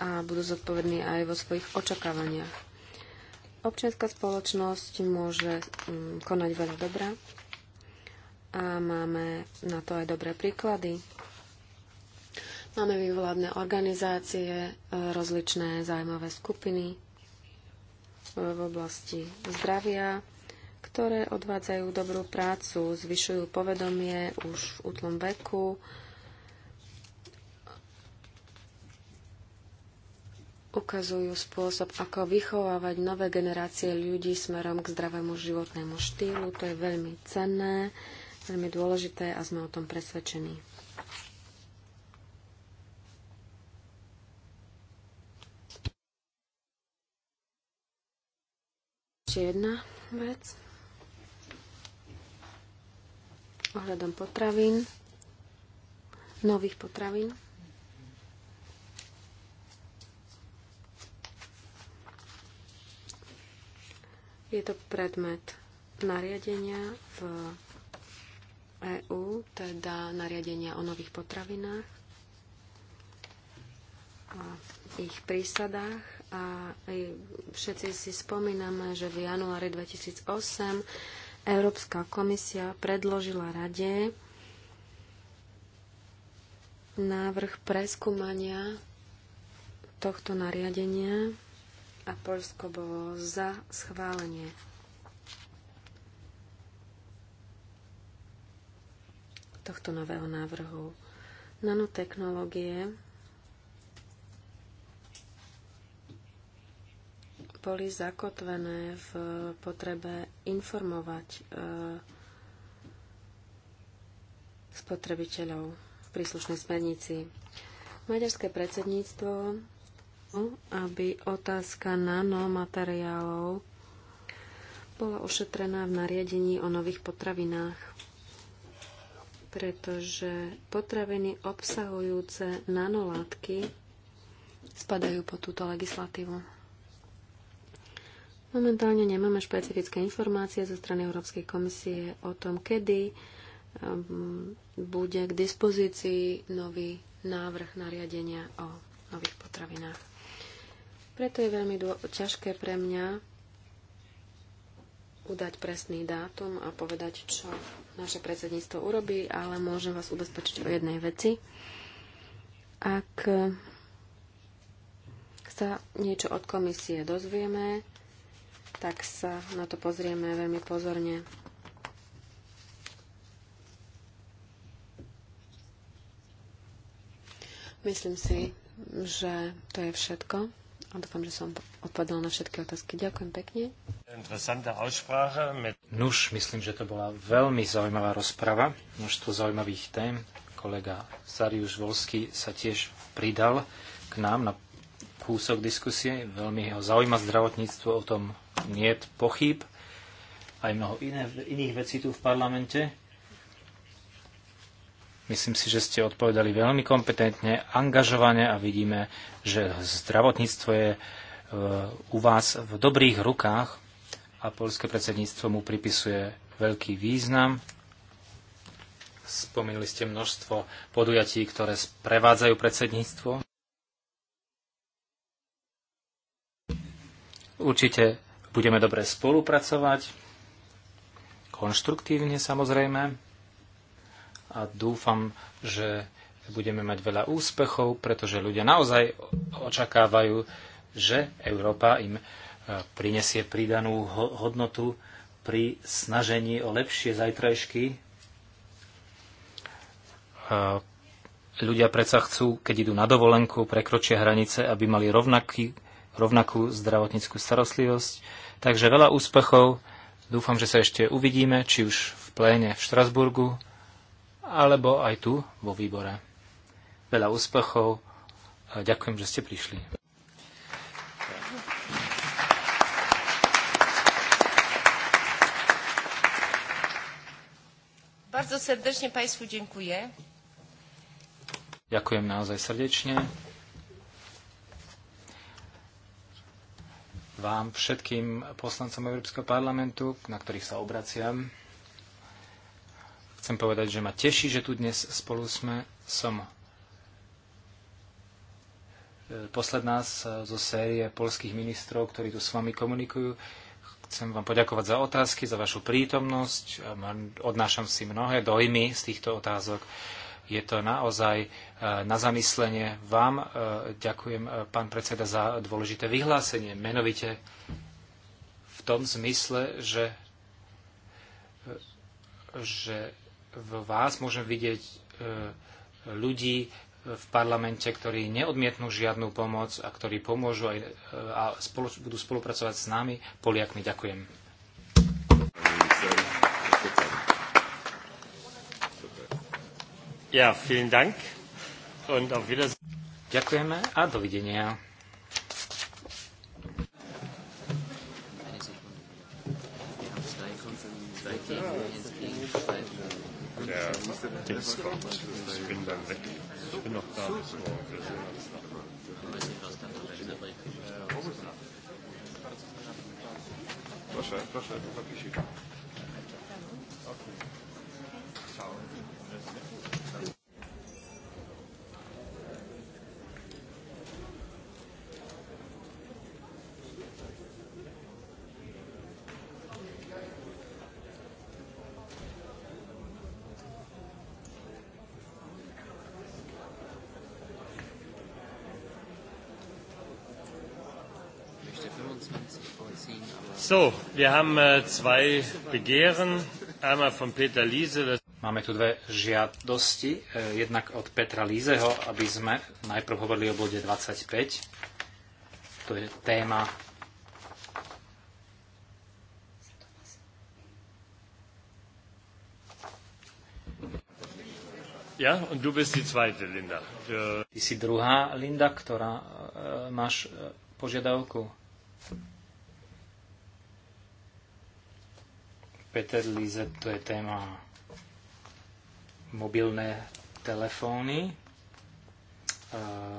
[SPEAKER 4] a budú zodpovední aj vo svojich očakávaniach. Občianská spoločnosť môže mm, konať veľa dobrá a máme na to aj dobré príklady. Máme vyvládne organizácie, e, rozličné zájmové skupiny, v oblasti zdravia, ktoré odvádzajú dobrú prácu, zvyšujú povedomie už v útlom veku. Ukazujú spôsob, ako vychovávať nové generácie ľudí smerom k zdravému životnému štýlu. To je veľmi cenné, veľmi dôležité a sme o tom presvedčení. Ešte jedna vec ohľadom potravín, nových potravín. Je to predmet nariadenia v EÚ, teda nariadenia o nových potravinách a ich prísadách a všetci si spomíname, že v januári 2008 Európska komisia predložila rade návrh preskúmania tohto nariadenia a Polsko bolo za schválenie. tohto nového návrhu. Nanotechnológie boli zakotvené v potrebe informovať e, spotrebiteľov v príslušnej smernici. Maďarské predsedníctvo, aby otázka nanomateriálov bola ošetrená v nariadení o nových potravinách, pretože potraviny obsahujúce nanolátky spadajú pod túto legislatívu. Momentálne nemáme špecifické informácie zo strany Európskej komisie o tom, kedy ehm, bude k dispozícii nový návrh nariadenia o nových potravinách. Preto je veľmi ťažké pre mňa udať presný dátum a povedať, čo naše predsedníctvo urobí, ale môžem vás ubezpečiť o jednej veci. Ak sa niečo od komisie dozvieme, tak sa na to pozrieme veľmi pozorne. Myslím si, že to je všetko. A dúfam, že som odpovedal na všetky otázky. Ďakujem pekne.
[SPEAKER 3] Nuž, myslím, že to bola veľmi zaujímavá rozprava. Množstvo zaujímavých tém. Kolega Sariuš Volsky sa tiež pridal k nám na kúsok diskusie. Veľmi ho zaujíma zdravotníctvo, o tom nie pochyb, aj mnoho iné, iných vecí tu v parlamente. Myslím si, že ste odpovedali veľmi kompetentne, angažovane a vidíme, že zdravotníctvo je e, u vás v dobrých rukách a polské predsedníctvo mu pripisuje veľký význam. Spomínali ste množstvo podujatí, ktoré sprevádzajú predsedníctvo. Určite Budeme dobre spolupracovať, konštruktívne samozrejme, a dúfam, že budeme mať veľa úspechov, pretože ľudia naozaj očakávajú, že Európa im e, prinesie pridanú hodnotu pri snažení o lepšie zajtrajšky. E, ľudia predsa chcú, keď idú na dovolenku, prekročia hranice, aby mali rovnaký rovnakú zdravotníckú starostlivosť. Takže veľa úspechov. Dúfam, že sa ešte uvidíme, či už v pléne v Štrasburgu, alebo aj tu vo výbore. Veľa úspechov a ďakujem, že ste prišli.
[SPEAKER 2] Bardzo
[SPEAKER 4] serdecznie Państwu dziękuję.
[SPEAKER 3] Ďakujem naozaj serdecznie. vám všetkým poslancom Európskeho parlamentu, na ktorých sa obraciam. Chcem povedať, že ma teší, že tu dnes spolu sme. Som e, posledná zo série polských ministrov, ktorí tu s vami komunikujú. Chcem vám poďakovať za otázky, za vašu prítomnosť. Odnášam si mnohé dojmy z týchto otázok. Je to naozaj E, na zamyslenie. Vám e, ďakujem, e, pán predseda, za dôležité vyhlásenie, menovite v tom zmysle, že, že v vás môžem vidieť ľudí v parlamente, ktorí neodmietnú žiadnu pomoc a ktorí pomôžu aj, a spolu, budú spolupracovať s nami, Poliakmi. Ďakujem. Ja, vielen Dank. Ďakujeme a dovidenia.
[SPEAKER 1] Der Dings Proszę, proszę, zapisz.
[SPEAKER 3] So, wir haben äh, zwei Begehren. Einmal von Peter Liese. Máme tu dve žiadosti, äh, jednak od Petra Lízeho, aby sme najprv hovorili o bode 25. To je téma Ja, und du bist die zweite, Linda. Ty si druhá, Linda, ktorá e, máš e, požiadavku. Peter Lize, to je téma mobilné telefóny, e,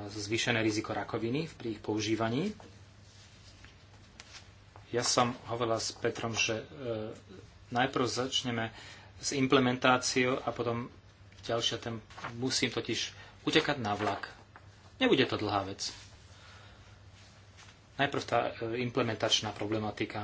[SPEAKER 3] zvýšené riziko rakoviny pri ich používaní. Ja som hovorila s Petrom, že e, najprv začneme s implementáciou a potom ďalšia tém. musím totiž utekať na vlak. Nebude to dlhá vec. Najprv tá e, implementačná problematika.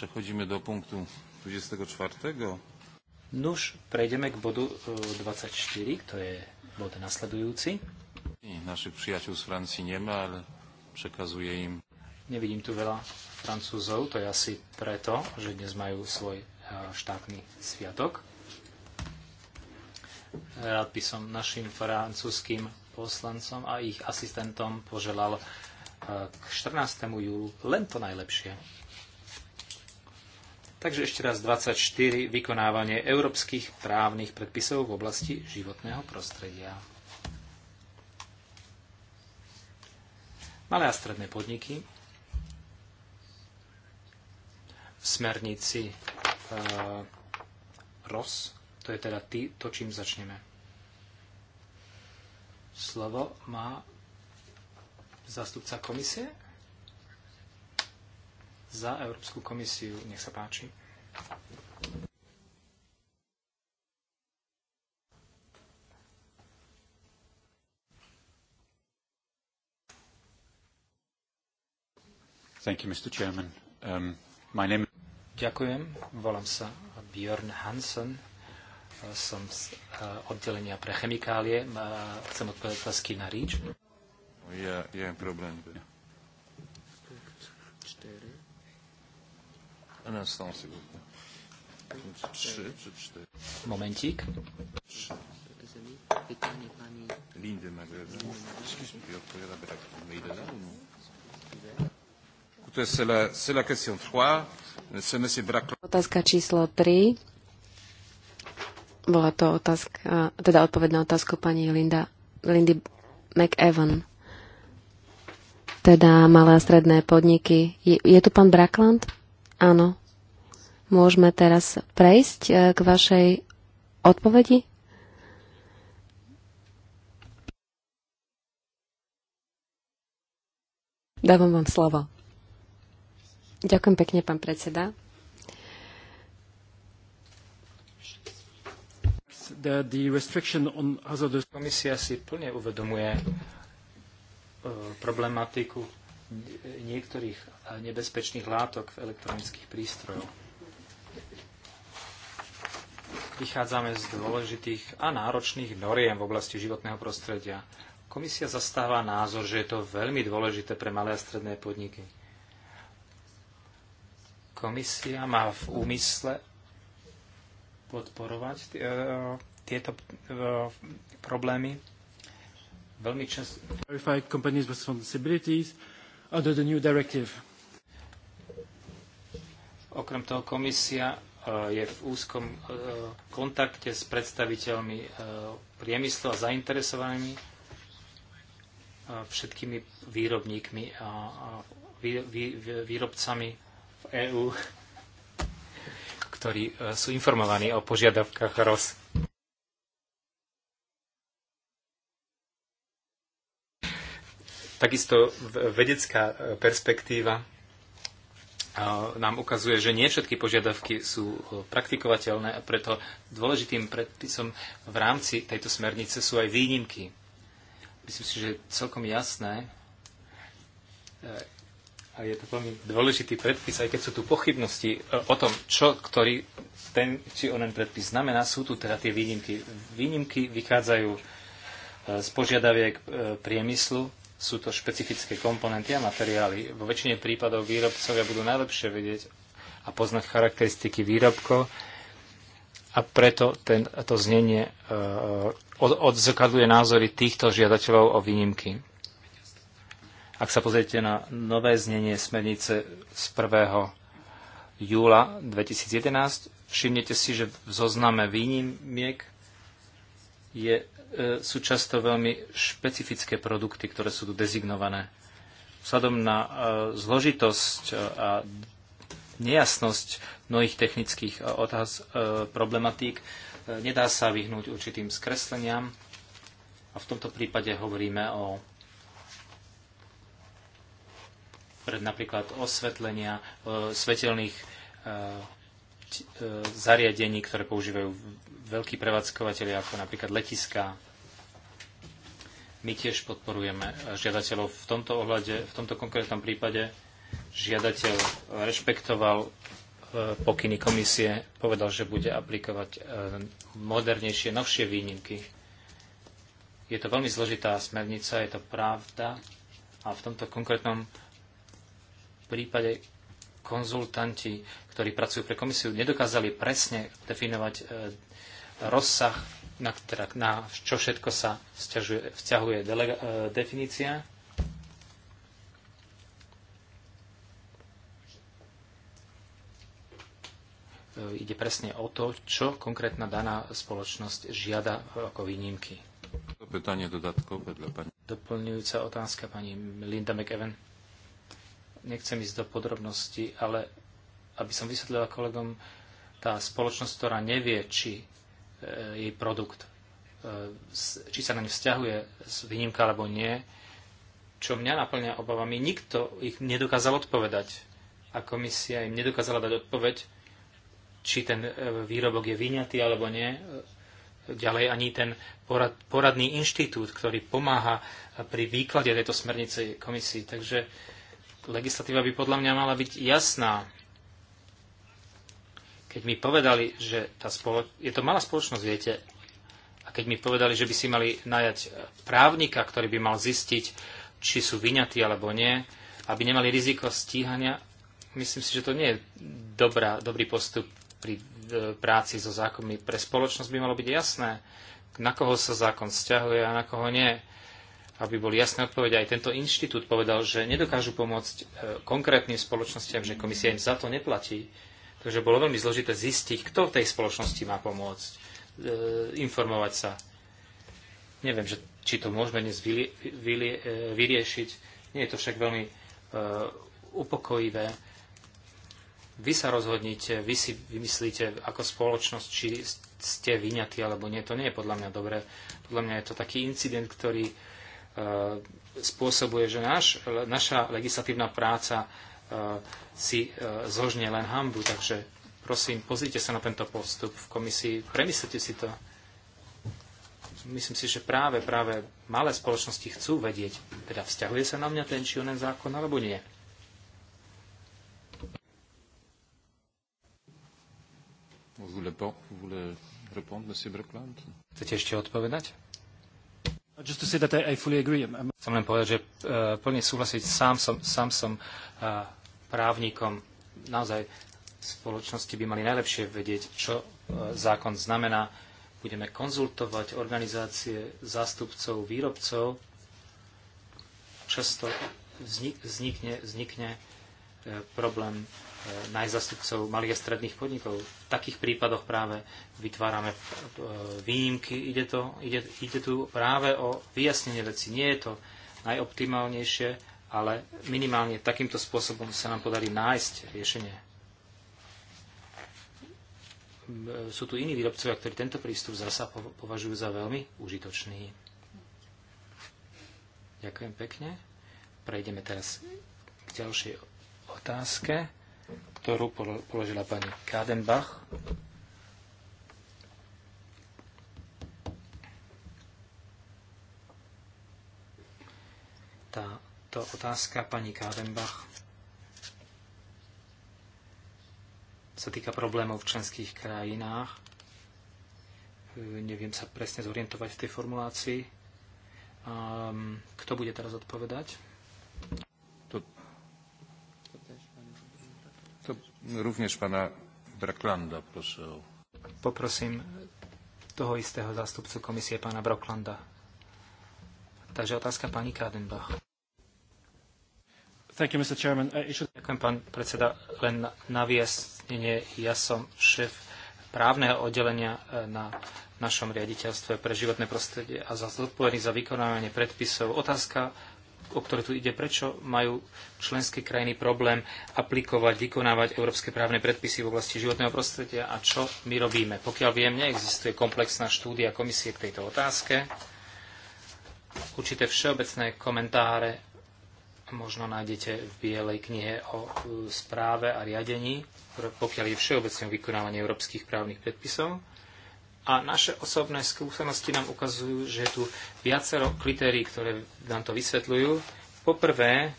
[SPEAKER 1] Przechodzimy do punktu 24.
[SPEAKER 3] Nuž, prejdeme k bodu 24, e, to je bod nasledujúci.
[SPEAKER 1] Našich priateľov z Francii nemá, ale překazuje im.
[SPEAKER 3] Nevidím tu veľa Francúzov, to je asi preto, že dnes majú svoj štátny e, sviatok. Rád by som našim francúzským poslancom a ich asistentom poželal e, k 14. júlu len to najlepšie. Takže ešte raz 24. Vykonávanie európskych právnych predpisov v oblasti životného prostredia. Malé a stredné podniky v smernici e, eh, ROS, to je teda ty, to, čím začneme. Slovo má zástupca komisie? za Európsku komisiu. Nech sa páči.
[SPEAKER 1] Thank you, Mr. Chairman. Um, my name...
[SPEAKER 3] Ďakujem. Volám sa Björn Hansen. Som z eh, oddelenia pre chemikálie. Chcem odpovedať otázky na
[SPEAKER 1] REACH. Yeah, no, yeah, problém. Yeah. Un instant, s'il vous plaît. Trzy czy cztery? Momencik. Pytanie pani... Lindy Magreda. odpowiada brak Meidela? Écoutez, Otázka
[SPEAKER 4] číslo 3. Bola to otázka, teda odpoveď na otázku pani Linda, Lindy McEvan. Teda malé a stredné podniky. Je, je tu pán Brakland? Áno. Môžeme teraz prejsť e, k vašej odpovedi? Dávam vám slovo. Ďakujem pekne, pán predseda.
[SPEAKER 3] Komisia si plne uvedomuje e, problematiku niektorých eh, nebezpečných látok v elektronických prístrojoch. Vychádzame z dôležitých a náročných noriem v oblasti životného prostredia. Komisia zastáva názor, že je to veľmi dôležité pre malé a stredné podniky. Komisia má v úmysle podporovať eh, tieto eh, problémy veľmi často under the new directive. Okrem toho komisia e, je v úzkom e, kontakte s predstaviteľmi e, priemyslu a zainteresovanými všetkými výrobníkmi a výrobcami v EÚ, *laughs* ktorí sú informovaní o požiadavkách ROS. Takisto vedecká e, perspektíva e, nám ukazuje, že nie všetky požiadavky sú e, praktikovateľné a preto dôležitým predpisom v rámci tejto smernice sú aj výnimky. Myslím si, že je celkom jasné a je to veľmi dôležitý predpis, aj keď sú tu pochybnosti o tom, čo ktorý ten či onen predpis znamená, sú tu teda tie výnimky. Výnimky vychádzajú z požiadaviek priemyslu, sú to špecifické komponenty a materiály. Vo väčšine prípadov výrobcovia budú najlepšie vedieť a poznať charakteristiky výrobkov a preto ten, to znenie e, od, odzrkadluje názory týchto žiadateľov o výnimky. Ak sa pozriete na nové znenie smernice z 1. júla 2011, všimnete si, že v zozname výnimiek je E, sú často veľmi špecifické produkty, ktoré sú tu dezignované. Vzhľadom na e, zložitosť e, a nejasnosť mnohých technických otáz, problematík nedá sa vyhnúť určitým skresleniam. A v tomto prípade hovoríme o pred napríklad osvetlenia svetelných zariadení, ktoré používajú veľkí prevádzkovateľi ako napríklad letiská. My tiež podporujeme žiadateľov v tomto ohľade, v tomto konkrétnom prípade žiadateľ rešpektoval e, pokyny komisie, povedal, že bude aplikovať e, modernejšie, novšie výnimky. Je to veľmi zložitá smernica, je to pravda a v tomto konkrétnom prípade konzultanti, ktorí pracujú pre komisiu, nedokázali presne definovať e, rozsah, na, teda, na čo všetko sa vzťahuje, vzťahuje delega, e, definícia. E, ide presne o to, čo konkrétna daná spoločnosť žiada e, ako výnimky.
[SPEAKER 1] Pytanie dodatkov. vedľa pani.
[SPEAKER 3] Doplňujúca otázka pani Linda McEwen. Nechcem ísť do podrobností, ale aby som vysvetlila kolegom, tá spoločnosť, ktorá nevie, či Eh, jej produkt, eh, či sa na ňu vzťahuje z výnimka alebo nie, čo mňa naplňa obavami, nikto ich nedokázal odpovedať. A komisia im nedokázala dať odpoveď, či ten eh, výrobok je vyňatý alebo nie. Ďalej ani ten porad, poradný inštitút, ktorý pomáha pri výklade tejto smernice komisii. Takže legislatíva by podľa mňa mala byť jasná. Keď mi povedali, že tá spolo- je to malá spoločnosť, viete, a keď mi povedali, že by si mali najať e, právnika, ktorý by mal zistiť, či sú vyňatí alebo nie, aby nemali riziko stíhania, myslím si, že to nie je dobrá, dobrý postup pri e, práci so zákonmi. Pre spoločnosť by malo byť jasné, na koho sa zákon vzťahuje a na koho nie aby boli jasné odpovede. Aj tento inštitút povedal, že nedokážu pomôcť e, konkrétnym spoločnostiam, že komisia im za to neplatí. Takže bolo veľmi zložité zistiť, kto v tej spoločnosti má pomôcť, e, informovať sa. Neviem, že, či to môžeme dnes vylie, vylie, e, vyriešiť. Nie je to však veľmi e, upokojivé. Vy sa rozhodnite, vy si vymyslíte ako spoločnosť, či ste vyňatí alebo nie. To nie je podľa mňa dobré. Podľa mňa je to taký incident, ktorý spôsobuje, že naš, naša legislatívna práca E, si e, zložne len hambu. Takže prosím, pozrite sa na tento postup v komisii, premyslite si to. Myslím si, že práve, práve malé spoločnosti chcú vedieť, teda vzťahuje sa na mňa ten či onen zákon, alebo nie.
[SPEAKER 1] Chcete ešte odpovedať?
[SPEAKER 3] Chcem len povedať, že e, plne súhlasiť, sám som, sám som uh, právnikom. Naozaj spoločnosti by mali najlepšie vedieť, čo e, zákon znamená. Budeme konzultovať organizácie zástupcov, výrobcov. Často vznikne, vznikne e, problém e, najzastupcov malých a stredných podnikov. V takých prípadoch práve vytvárame výnimky. Ide, to, ide, ide tu práve o vyjasnenie veci. Nie je to najoptimálnejšie, ale minimálne takýmto spôsobom sa nám podarí nájsť riešenie. Sú tu iní výrobcovia, ktorí tento prístup zasa považujú za veľmi užitočný. Ďakujem pekne. Prejdeme teraz k ďalšej otázke, ktorú položila pani Kadenbach. Tá to otázka pani Kádenbach. Sa týka problémov v členských krajinách. Neviem sa presne zorientovať v tej formulácii. kto bude teraz odpovedať?
[SPEAKER 1] To, to rovnež pana Braklanda prosím. Poprosím
[SPEAKER 3] toho istého zástupcu komisie, pána Broklanda. Takže otázka pani Kádenbach. Thank you, Mr. Chairman. Uh, should... Ďakujem, pán predseda. Len na, vyjasnenie, ja som šéf právneho oddelenia uh, na našom riaditeľstve pre životné prostredie a za zodpovedný za vykonávanie predpisov. Otázka, o ktorú tu ide, prečo majú členské krajiny problém aplikovať, vykonávať európske právne predpisy v oblasti životného prostredia a čo my robíme. Pokiaľ viem, neexistuje komplexná štúdia komisie k tejto otázke. Určité všeobecné komentáre možno nájdete v Bielej knihe o e, správe a riadení, pokiaľ je všeobecne vykonávanie európskych právnych predpisov. A naše osobné skúsenosti nám ukazujú, že je tu viacero kritérií, ktoré nám to vysvetľujú. Poprvé,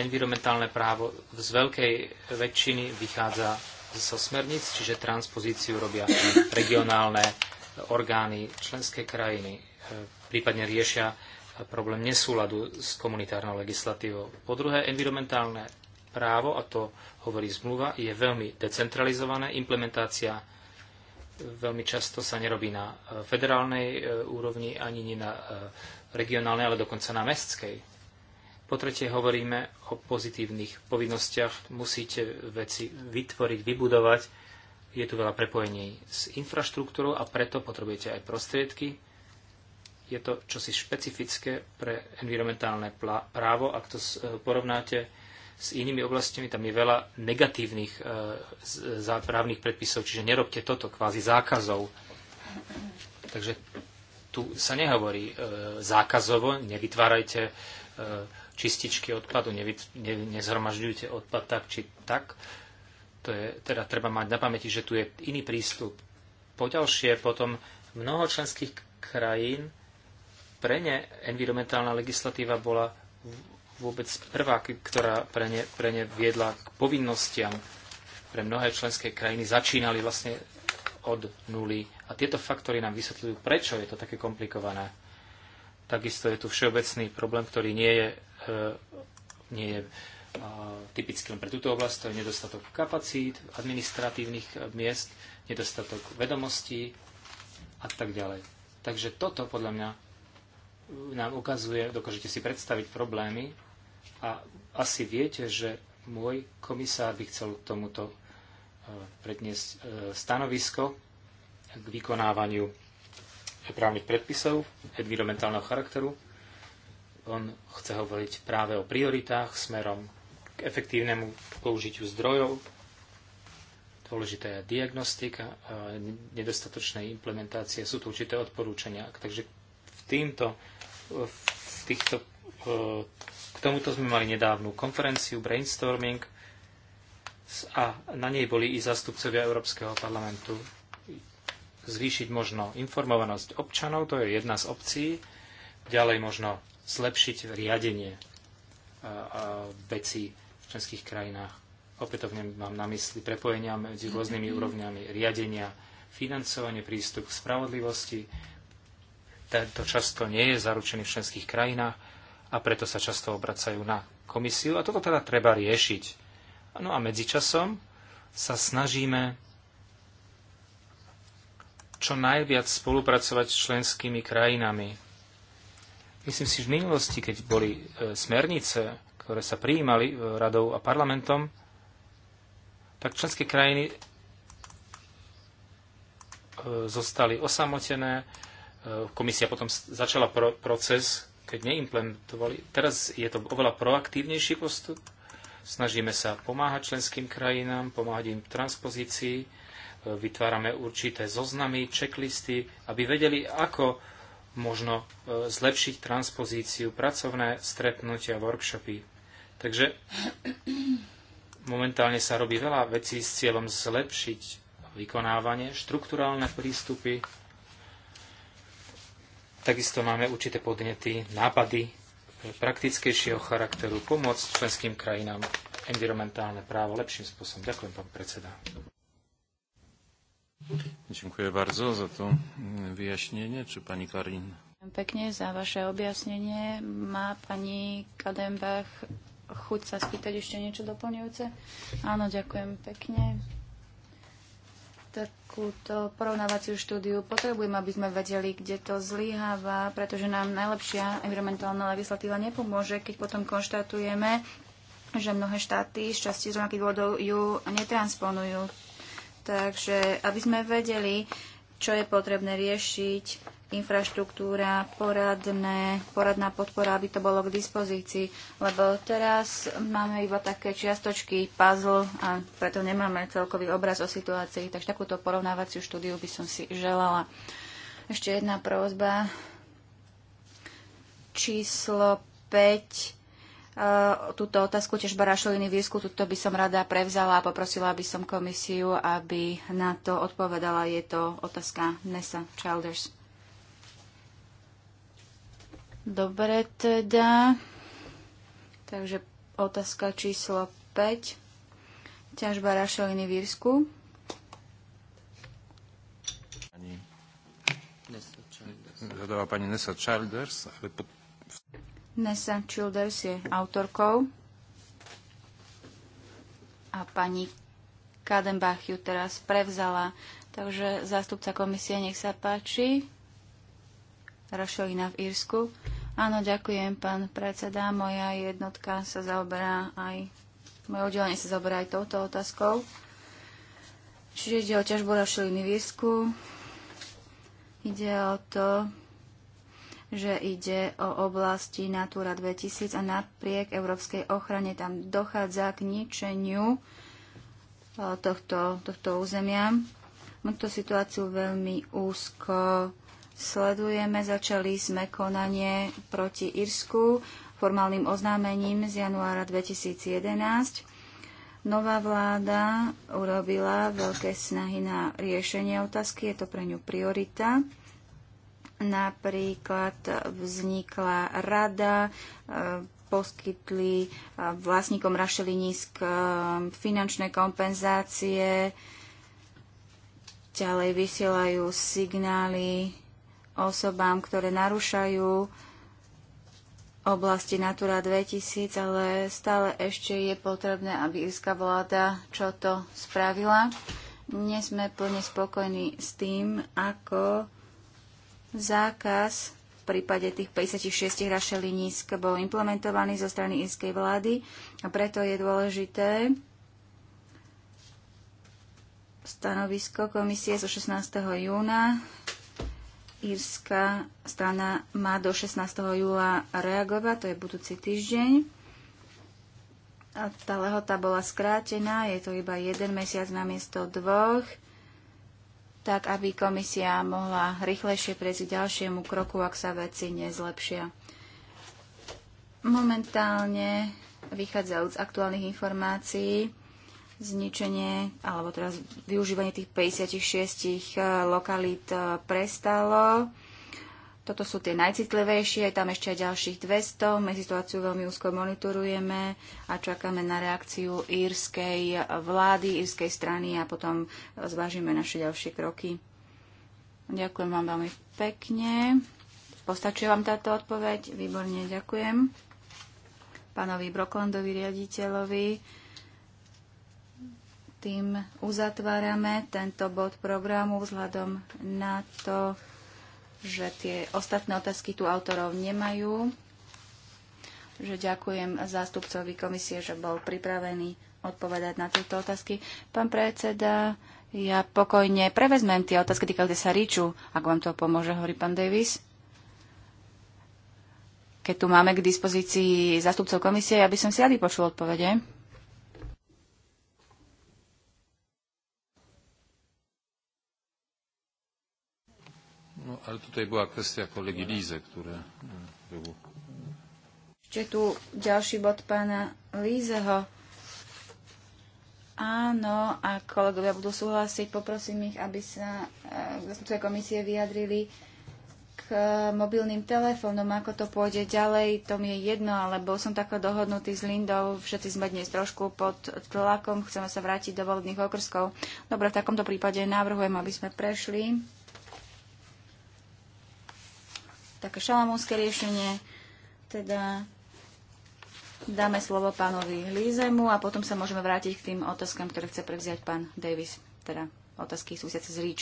[SPEAKER 3] environmentálne právo z veľkej väčšiny vychádza zo smerníc, čiže transpozíciu robia regionálne orgány členské krajiny, e, prípadne riešia problém nesúladu s komunitárnou legislatívou. Po druhé, environmentálne právo, a to hovorí zmluva, je veľmi decentralizované. Implementácia e, veľmi často sa nerobí na e, federálnej e, úrovni, ani nie na regionálnej, ale dokonca na mestskej. Po tretie hovoríme o pozitívnych povinnostiach. Musíte veci vytvoriť, vybudovať. Je tu veľa prepojení s infraštruktúrou a preto potrebujete aj prostriedky je to čosi špecifické pre environmentálne právo. Ak to e, porovnáte s inými oblastiami, tam je veľa negatívnych e, právnych predpisov, čiže nerobte toto, kvázi zákazov. Takže tu sa nehovorí e, zákazovo, nevytvárajte čističky odpadu, nevyt, ne, nezhromažďujte odpad tak či tak. To je, teda treba mať na pamäti, že tu je iný prístup. Poďalšie potom mnoho členských krajín pre ne environmentálna legislatíva bola vôbec prvá, ktorá pre ne, pre ne viedla k povinnostiam. Pre mnohé členské krajiny začínali vlastne od nuly. A tieto faktory nám vysvetľujú, prečo je to také komplikované. Takisto je tu všeobecný problém, ktorý nie je, e, nie je e, typickým pre túto oblasť, to je nedostatok kapacít, administratívnych e, miest, nedostatok vedomostí a tak ďalej. Takže toto podľa mňa nám ukazuje, dokážete si predstaviť problémy a asi viete, že môj komisár by chcel k tomuto e, predniesť e, stanovisko k vykonávaniu právnych predpisov environmentálneho charakteru. On chce hovoriť práve o prioritách smerom k efektívnemu použitiu zdrojov. Dôležitá je diagnostika a nedostatočnej implementácie. Sú tu určité odporúčania. Takže týmto, v týchto, eh, k tomuto sme mali nedávnu konferenciu brainstorming a na nej boli i zastupcovia Európskeho parlamentu. Zvýšiť možno informovanosť občanov, to je jedna z opcií, ďalej možno zlepšiť riadenie eh, vecí v členských krajinách. Opätovne mám na mysli prepojenia medzi rôznymi úrovňami riadenia, financovanie, prístup k spravodlivosti, tento často nie je zaručený v členských krajinách a preto sa často obracajú na komisiu a toto teda treba riešiť. No a medzičasom sa snažíme čo najviac spolupracovať s členskými krajinami. Myslím si, že v minulosti, keď boli e, smernice, ktoré sa prijímali e, radou a parlamentom, tak členské krajiny e, zostali osamotené, E, komisia potom začala pro, proces, keď neimplementovali. Teraz je to oveľa proaktívnejší postup. Snažíme sa pomáhať členským krajinám, pomáhať im v transpozícii, e, vytvárame určité zoznamy, checklisty, aby vedeli, ako možno e, zlepšiť transpozíciu, pracovné stretnutia, workshopy. Takže momentálne sa robí veľa vecí s cieľom zlepšiť vykonávanie, štruktúrálne prístupy, Takisto máme určité podnety, nápady praktickejšieho charakteru, pomôcť členským krajinám environmentálne právo lepším spôsobom. Ďakujem, pán predseda.
[SPEAKER 1] Ďakujem bardzo za to vyjašnenie. Čo pani Karin?
[SPEAKER 2] Pekne za vaše objasnenie. Má pani Kadembach chuť sa spýtať ešte niečo doplňujúce? Áno, ďakujem pekne takúto porovnávaciu štúdiu potrebujeme, aby sme vedeli, kde to zlyháva, pretože nám najlepšia environmentálna legislatíva nepomôže, keď potom konštatujeme, že mnohé štáty z časti z rovnakých dôvodov ju netransponujú. Takže aby sme vedeli, čo je potrebné riešiť, infraštruktúra, poradné, poradná podpora, aby to bolo k dispozícii. Lebo teraz máme iba také čiastočky, puzzle a preto nemáme celkový obraz o situácii. Takže takúto porovnávaciu štúdiu by som si želala. Ešte jedna prozba. Číslo 5 e, túto otázku tiež barašoviny výsku, túto by som rada prevzala a poprosila by som komisiu, aby na to odpovedala. Je to otázka Nessa Childers. Dobre teda. Takže otázka číslo 5. Ťažba rašeliny v Írsku.
[SPEAKER 1] Pani... pani Nessa Childers, ale
[SPEAKER 2] Nessa Childers je autorkou a pani Kadenbach ju teraz prevzala. Takže zástupca komisie, nech sa páči. Rašelina v Írsku. Áno, ďakujem, pán predseda. Moja jednotka sa zaoberá aj, moje oddelenie sa zaoberá aj touto otázkou. Čiže ide o ťažbu rašeliny výsku. Ide o to, že ide o oblasti Natura 2000 a napriek európskej ochrane tam dochádza k ničeniu eh, tohto, tohto územia. Mám tú situáciu veľmi úzko sledujeme. Začali sme konanie proti Irsku formálnym oznámením z januára 2011. Nová vláda urobila veľké snahy na riešenie otázky, je to pre ňu priorita. Napríklad vznikla rada, e, poskytli e, vlastníkom nízk e, finančné kompenzácie, ďalej vysielajú signály osobám, ktoré narúšajú oblasti Natura 2000, ale stále ešte je potrebné, aby írska vláda čo to spravila. Nie sme plne spokojní s tým, ako zákaz v prípade tých 56 rašelinísk bol implementovaný zo strany írskej vlády a preto je dôležité stanovisko komisie zo 16. júna írska strana má do 16. júla reagovať, to je budúci týždeň. A tá lehota bola skrátená, je to iba jeden mesiac namiesto dvoch, tak aby komisia mohla rýchlejšie prejsť k ďalšiemu kroku, ak sa veci nezlepšia. Momentálne, vychádzajúc z aktuálnych informácií, zničenie, alebo teraz využívanie tých 56 eh, lokalít eh, prestalo. Toto sú tie najcitlivejšie, tam ešte aj ďalších 200. My situáciu veľmi úzko monitorujeme a čakáme na reakciu írskej eh, vlády, írskej strany a potom zvážime naše ďalšie kroky. Ďakujem vám veľmi pekne. Postačuje vám táto odpoveď? Výborne, ďakujem. Pánovi Broklandovi, riaditeľovi tým uzatvárame tento bod programu vzhľadom na to, že tie ostatné otázky tu autorov nemajú. Že ďakujem zástupcovi komisie, že bol pripravený odpovedať na tieto otázky. Pán predseda, ja pokojne prevezmem tie otázky týkajúce sa Riču, ak vám to pomôže, hovorí pán Davis keď tu máme k dispozícii zástupcov komisie, aby som si ja vypočul odpovede.
[SPEAKER 1] No, ale tutaj bola kwestia kolegi Líze, ktoré e, był...
[SPEAKER 2] Ešte tu ďalší bod pána Lízeho. Áno, a kolegovia budú súhlasiť, poprosím ich, aby sa e, zastupcovia komisie vyjadrili k mobilným telefónom, ako to pôjde ďalej, to mi je jedno, ale bol som takto dohodnutý s Lindou, všetci sme dnes trošku pod tlakom, chceme sa vrátiť do volebných okrskov. Dobre, v takomto prípade navrhujem, aby sme prešli také šalamúnske riešenie, teda dáme slovo pánovi Lízemu a potom sa môžeme vrátiť k tým otázkam, ktoré chce prevziať pán Davis, teda otázky súvisiace z Ríč.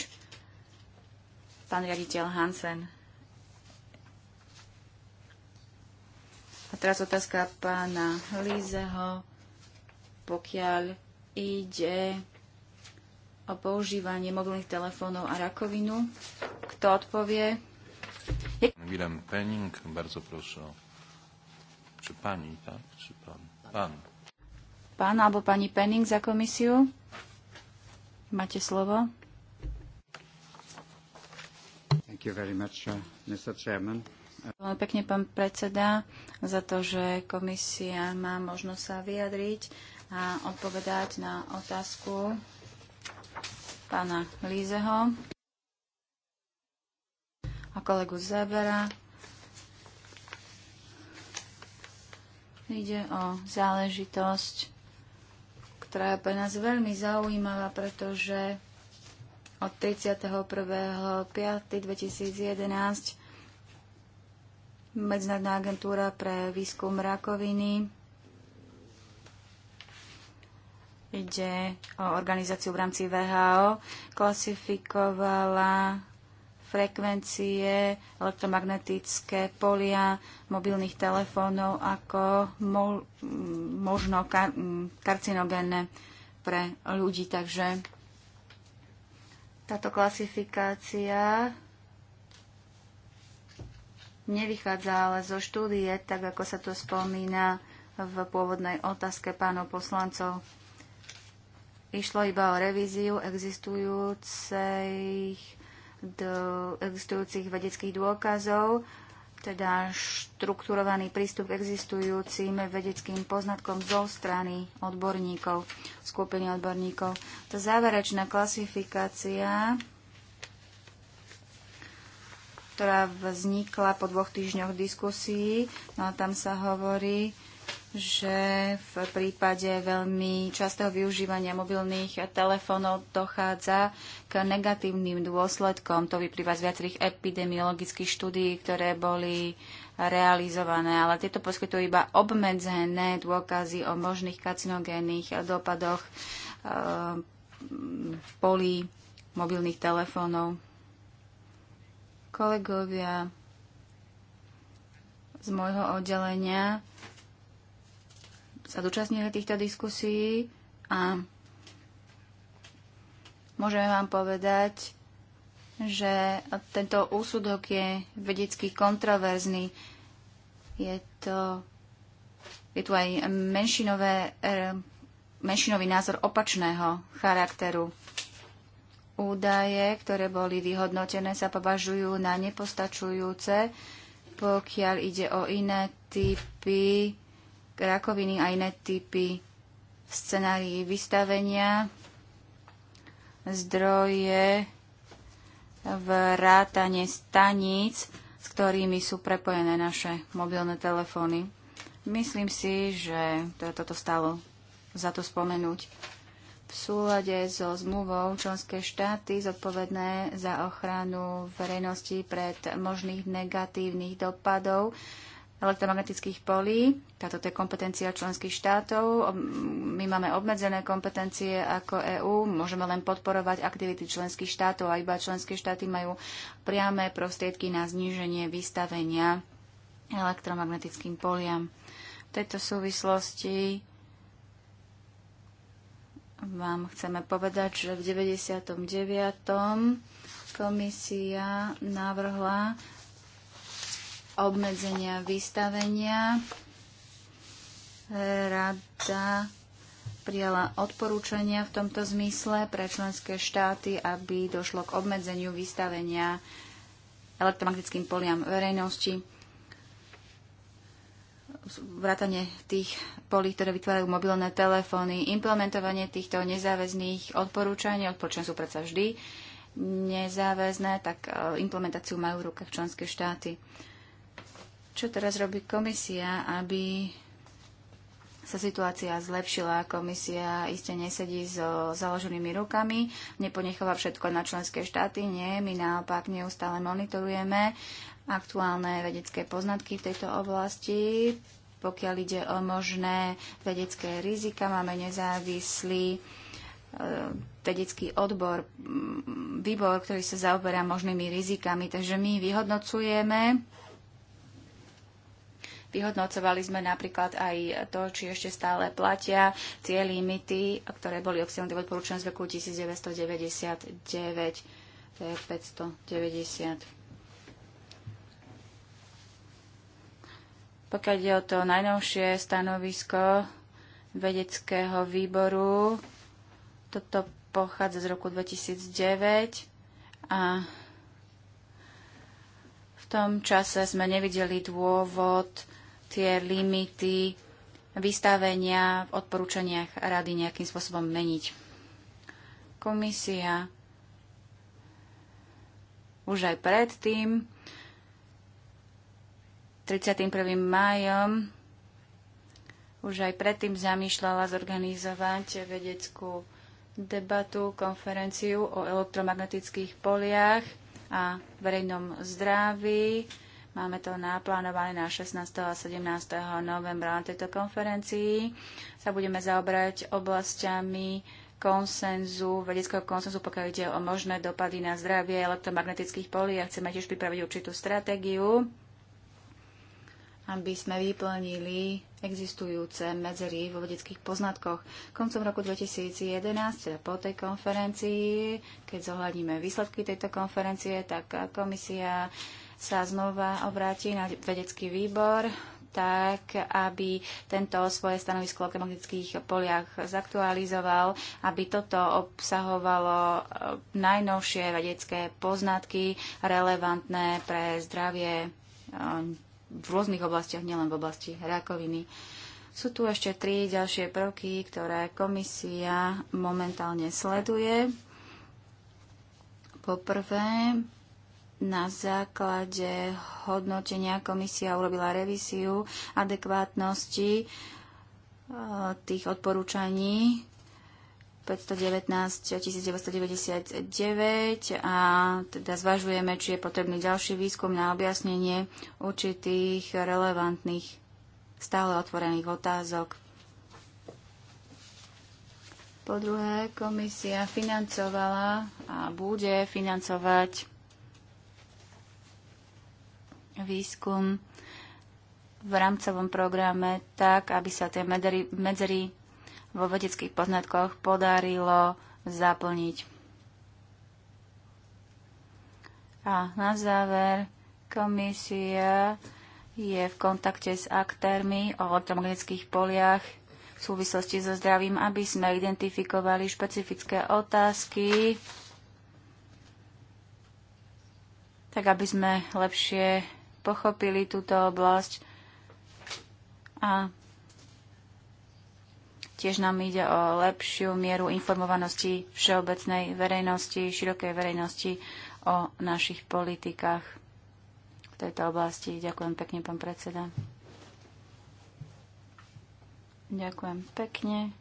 [SPEAKER 2] Pán riaditeľ Hansen. A teraz otázka pána Lízeho, pokiaľ ide o používanie mobilných telefónov a rakovinu. Kto odpovie?
[SPEAKER 1] Wilhelm Penning, bardzo proszę. Czy pani, tak? Czy pan? Pan.
[SPEAKER 2] Pán alebo pani Penning za komisiu. Máte slovo.
[SPEAKER 1] Thank you very much, uh, Mr. Chairman.
[SPEAKER 2] Veľmi pekne, pán predseda, za to, že komisia má možnosť sa vyjadriť a odpovedať na otázku pána Lízeho a kolegu Zebera. Ide o záležitosť, ktorá je pre nás veľmi zaujímavá, pretože od 31.5.2011 Medzinárodná agentúra pre výskum rakoviny ide o organizáciu v rámci VHO, klasifikovala frekvencie, elektromagnetické polia mobilných telefónov ako mo- možno kar- karcinogénne pre ľudí. Takže táto klasifikácia nevychádza ale zo štúdie, tak ako sa to spomína v pôvodnej otázke pánov poslancov. Išlo iba o revíziu existujúcej do existujúcich vedeckých dôkazov, teda štrukturovaný prístup k existujúcim vedeckým poznatkom zo strany odborníkov, skupiny odborníkov. To záverečná klasifikácia, ktorá vznikla po dvoch týždňoch diskusí, no a tam sa hovorí, že v prípade veľmi častého využívania mobilných telefónov dochádza k negatívnym dôsledkom. To vyplýva z viacerých epidemiologických štúdií, ktoré boli realizované, ale tieto poskytujú iba obmedzené dôkazy o možných kacinogénnych dopadoch v ehm, poli mobilných telefónov. Kolegovia z môjho oddelenia sa zúčastnili týchto diskusí a môžeme vám povedať, že tento úsudok je vedecky kontroverzný. Je, to, je tu aj menšinové, er, menšinový názor opačného charakteru. Údaje, ktoré boli vyhodnotené, sa považujú na nepostačujúce, pokiaľ ide o iné typy rakoviny a iné typy scenárií vystavenia, zdroje, rátane staníc, s ktorými sú prepojené naše mobilné telefóny. Myslím si, že to, toto stalo za to spomenúť. V súlade so zmluvou členské štáty zodpovedné za ochranu verejnosti pred možných negatívnych dopadov elektromagnetických polí. Táto je kompetencia členských štátov. My máme obmedzené kompetencie ako EÚ. Môžeme len podporovať aktivity členských štátov a iba členské štáty majú priame prostriedky na zníženie vystavenia elektromagnetickým poliam. V tejto súvislosti vám chceme povedať, že v 99. komisia navrhla obmedzenia vystavenia. E, Rada prijala odporúčania v tomto zmysle pre členské štáty, aby došlo k obmedzeniu vystavenia elektromagnetickým poliam verejnosti vrátanie tých polí, ktoré vytvárajú mobilné telefóny, implementovanie týchto nezáväzných odporúčaní, odporúčania sú predsa vždy nezáväzné, tak e, implementáciu majú v rukách členské štáty. Čo teraz robí komisia, aby sa situácia zlepšila. Komisia iste nesedí so založenými rukami, neponecháva všetko na členské štáty. Nie, my naopak neustále monitorujeme aktuálne vedecké poznatky v tejto oblasti. Pokiaľ ide o možné vedecké rizika, máme nezávislý eh, vedecký odbor, mm, výbor, ktorý sa zaoberá možnými rizikami. Takže my vyhodnocujeme Vyhodnocovali sme napríklad aj to, či ešte stále platia tie limity, ktoré boli obsiahnuté v odporúčaní z roku 1999, to je 590. Pokiaľ je o to najnovšie stanovisko vedeckého výboru, toto pochádza z roku 2009 a v tom čase sme nevideli dôvod tie limity vystavenia v odporúčaniach rady nejakým spôsobom meniť. Komisia už aj predtým, 31. májom, už aj predtým zamýšľala zorganizovať vedeckú debatu, konferenciu o elektromagnetických poliach a verejnom zdraví Máme to naplánované na 16. a 17. novembra. Na tejto konferencii sa budeme zaobrať oblastiami konsenzu, vedeckého konsenzu, pokiaľ ide o možné dopady na zdravie elektromagnetických polí a chceme tiež pripraviť určitú stratégiu, aby sme vyplnili existujúce medzery vo vedeckých poznatkoch. Koncom roku 2011, teda po tej konferencii, keď zohľadíme výsledky tejto konferencie, tak komisia sa znova obráti na vedecký výbor, tak, aby tento svoje stanovisko o klimatických poliach zaktualizoval, aby toto obsahovalo e, najnovšie vedecké poznatky relevantné pre zdravie e, v rôznych oblastiach, nielen v oblasti rakoviny. Sú tu ešte tri ďalšie prvky, ktoré komisia momentálne sleduje. Poprvé, na základe hodnotenia komisia urobila revíziu adekvátnosti e, tých odporúčaní 519 1999 a teda zvažujeme, či je potrebný ďalší výskum na objasnenie určitých relevantných stále otvorených otázok. Po druhé, komisia financovala a bude financovať výskum v rámcovom programe tak, aby sa tie medzery, medzery vo vedeckých poznatkoch podarilo zaplniť. A na záver komisia je v kontakte s aktérmi o elektromagnetických poliach v súvislosti so zdravím, aby sme identifikovali špecifické otázky, tak aby sme lepšie pochopili túto oblasť a Tiež nám ide o lepšiu mieru informovanosti všeobecnej verejnosti, širokej verejnosti o našich politikách v tejto oblasti. Ďakujem pekne, pán predseda. Ďakujem pekne.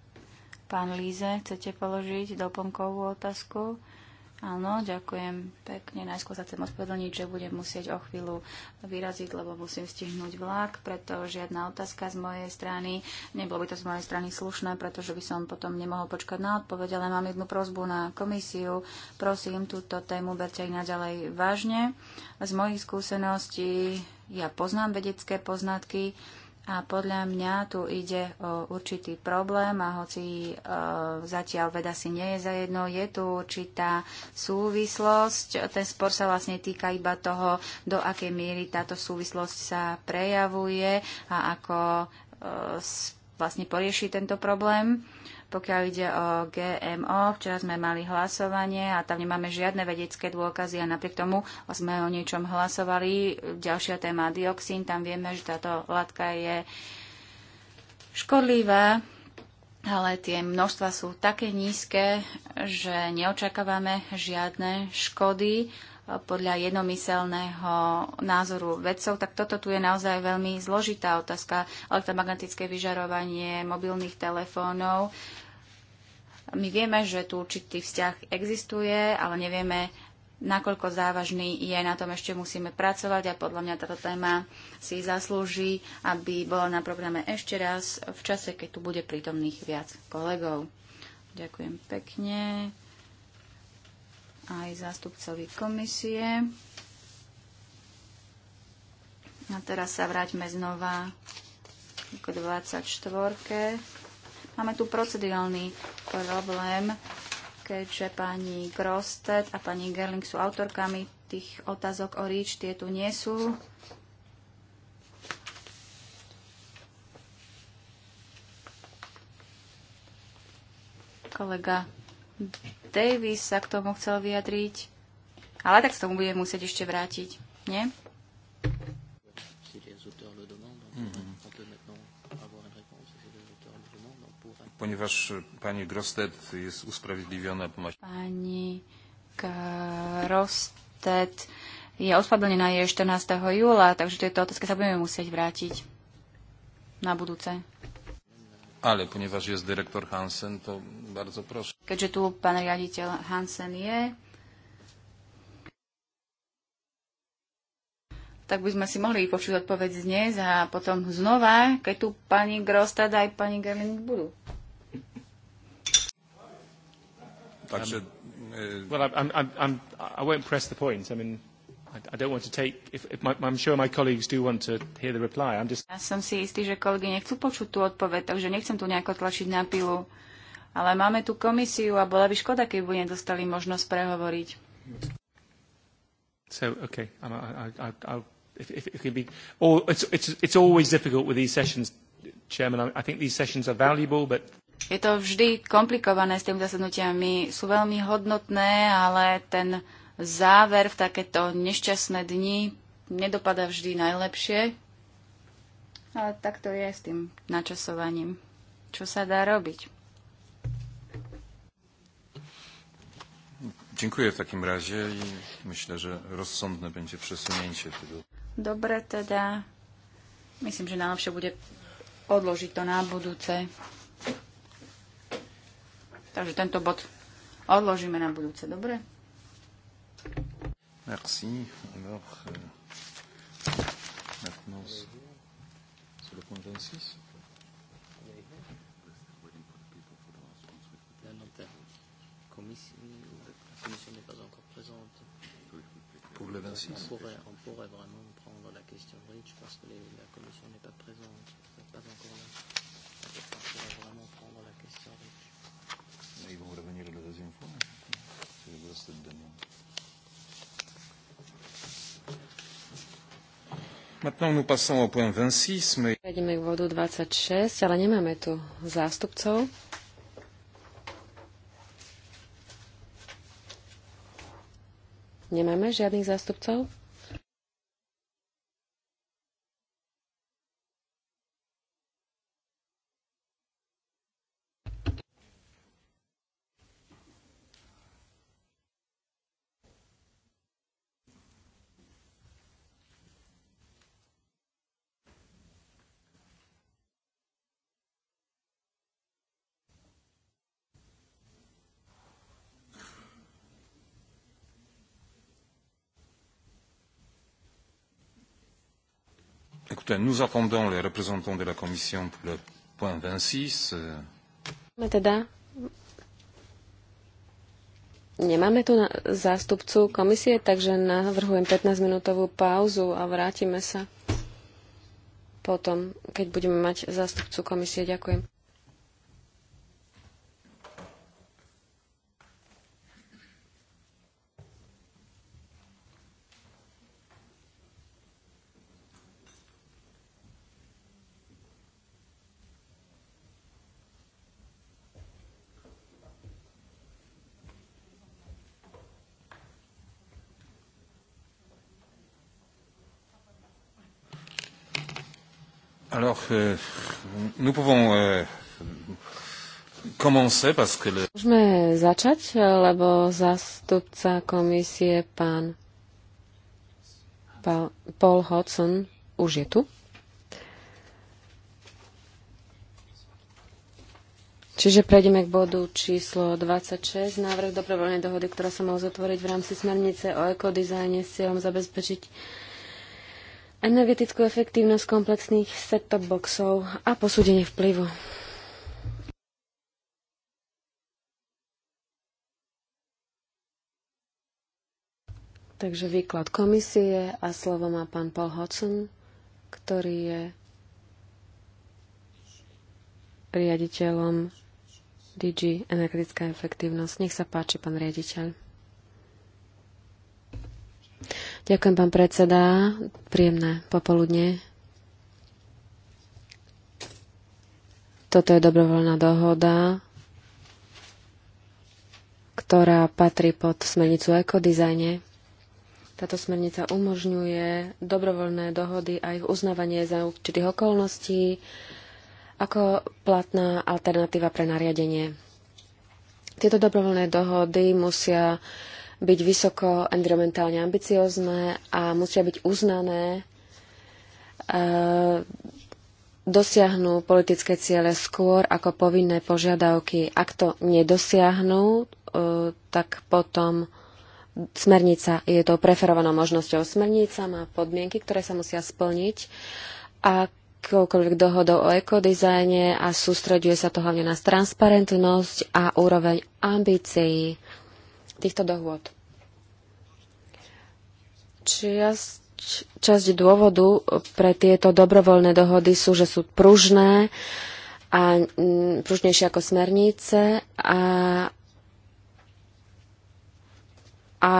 [SPEAKER 2] Pán Líze, chcete položiť doplnkovú otázku? Áno, ďakujem pekne. Najskôr sa chcem ospravedlniť, že budem musieť o chvíľu vyraziť, lebo musím stihnúť vlak, preto žiadna otázka z mojej strany. Nebolo by to z mojej strany slušné, pretože by som potom nemohol počkať na odpoveď, ale mám jednu prozbu na komisiu. Prosím, túto tému berte aj naďalej vážne. Z mojich skúseností ja poznám vedecké poznatky, a podľa mňa tu ide o určitý problém a hoci e, zatiaľ veda si nie je za jedno, je tu určitá súvislosť. Ten spor sa vlastne týka iba toho, do akej miery táto súvislosť sa prejavuje a ako e, vlastne porieši tento problém. Pokiaľ ide o GMO, včera sme mali hlasovanie a tam nemáme žiadne vedecké dôkazy a napriek tomu sme o niečom hlasovali. Ďalšia téma dioxín, tam vieme, že táto látka je škodlivá, ale tie množstva sú také nízke, že neočakávame žiadne škody podľa jednomyselného názoru vedcov, tak toto tu je naozaj veľmi zložitá otázka. Elektromagnetické vyžarovanie mobilných telefónov, my vieme, že tu určitý vzťah existuje, ale nevieme, nakoľko závažný je, na tom ešte musíme pracovať a podľa mňa táto téma si zaslúži, aby bola na programe ešte raz v čase, keď tu bude prítomných viac kolegov. Ďakujem pekne aj zástupcovi komisie. A teraz sa vráťme znova k 24. Máme tu procedurálny problém, keďže pani Grosted a pani Gerling sú autorkami tých otázok o REACH, tie tu nie sú. Kolega Davis sa k tomu chcel vyjadriť, ale tak sa tomu budeme musieť ešte vrátiť, nie?
[SPEAKER 1] ponieważ pani Grostet jest usprawiedliwiona. Pani
[SPEAKER 2] Grostet je ospravedlnená, je 14. júla, takže tieto otázky sa budeme musieť vrátiť na budúce.
[SPEAKER 1] Ale ponieważ jest dyrektor Hansen, to bardzo proszę.
[SPEAKER 2] Keďže tu pán riaditeľ Hansen je, tak by sme si mohli počuť odpoveď dnes a potom znova, keď tu pani Grostad aj pani Gerling budú.
[SPEAKER 1] Takže... Um, um uh, well, I'm, I'm, I'm,
[SPEAKER 3] I won't press the point. I mean, I don't want to take, if, if my, I'm sure my colleagues do want to hear the reply. I'm just...
[SPEAKER 2] Ja som si istý, že kolegy nechcú počuť tú odpoveď, takže nechcem tu nejako tlačiť na pilu. Ale máme tu komisiu a bola by škoda, keby by nedostali možnosť prehovoriť.
[SPEAKER 3] So, okay. I, I, I, if, if it can be, all, it's, it's, it's always difficult with these sessions, Chairman. I, I think these sessions are valuable, but je
[SPEAKER 2] to vždy komplikované s tým zasadnutiami. Sú veľmi hodnotné, ale ten záver v takéto nešťastné dni nedopada vždy najlepšie. Ale tak to je s tým načasovaním. Čo sa dá robiť?
[SPEAKER 1] Dziękuję w takim razie i myślę, że rozsądne będzie przesunięcie tego.
[SPEAKER 2] Dobre teda. Myslím, že najlepsze bude odložiť to na budúce. Takže tento bod odložíme na budúce, dobre? Merci. Alors, euh,
[SPEAKER 1] maintenant, c'est le point 26. La commission n'est pas encore présente. Pour le 26 on pourrait, on pourrait vraiment prendre la question Rich parce que les,
[SPEAKER 3] la commission n'est pas présente, n'est pas encore là. On pourrait vraiment
[SPEAKER 1] Prejdeme
[SPEAKER 4] k bodu 26, ale nemáme tu zástupcov. Nemáme žiadnych zástupcov?
[SPEAKER 1] Nous attendons les représentants de la Commission pour le point 26. Euh.
[SPEAKER 4] Teda, nemáme tu zástupcu komisie, takže navrhujem 15-minútovú pauzu a vrátime sa potom, keď budeme mať zástupcu komisie. Ďakujem.
[SPEAKER 1] Euh, euh, Môžeme
[SPEAKER 4] začať, lebo zástupca komisie pán Paul Hodson už je tu. Čiže prejdeme k bodu číslo 26, návrh dobrovoľnej dohody, ktorá sa mohla zatvoriť v rámci smernice o ekodizajne s cieľom zabezpečiť energetickú efektívnosť komplexných set-top boxov a posúdenie vplyvu. Takže výklad komisie a slovo má pán Paul Hodson, ktorý je riaditeľom DG Energetická efektívnosť. Nech sa páči, pán riaditeľ. Ďakujem, pán predseda. Príjemné popoludne. Toto je dobrovoľná dohoda, ktorá patrí pod smernicu ekodizajne. Táto smernica umožňuje dobrovoľné dohody a ich uznávanie za určitých okolností ako platná alternatíva pre nariadenie. Tieto dobrovoľné dohody musia byť vysoko environmentálne ambiciozne a musia byť uznané, e, dosiahnu politické ciele skôr ako povinné požiadavky. Ak to nedosiahnu, e, tak potom smernica je tou preferovanou možnosťou. Smernica má podmienky, ktoré sa musia splniť a akoukoľvek dohodou o ekodizajne a sústreďuje sa to hlavne na transparentnosť a úroveň ambícií týchto dohôd. Časť, časť dôvodu pre tieto dobrovoľné dohody sú, že sú pružné a mm, pružnejšie ako smernice a, a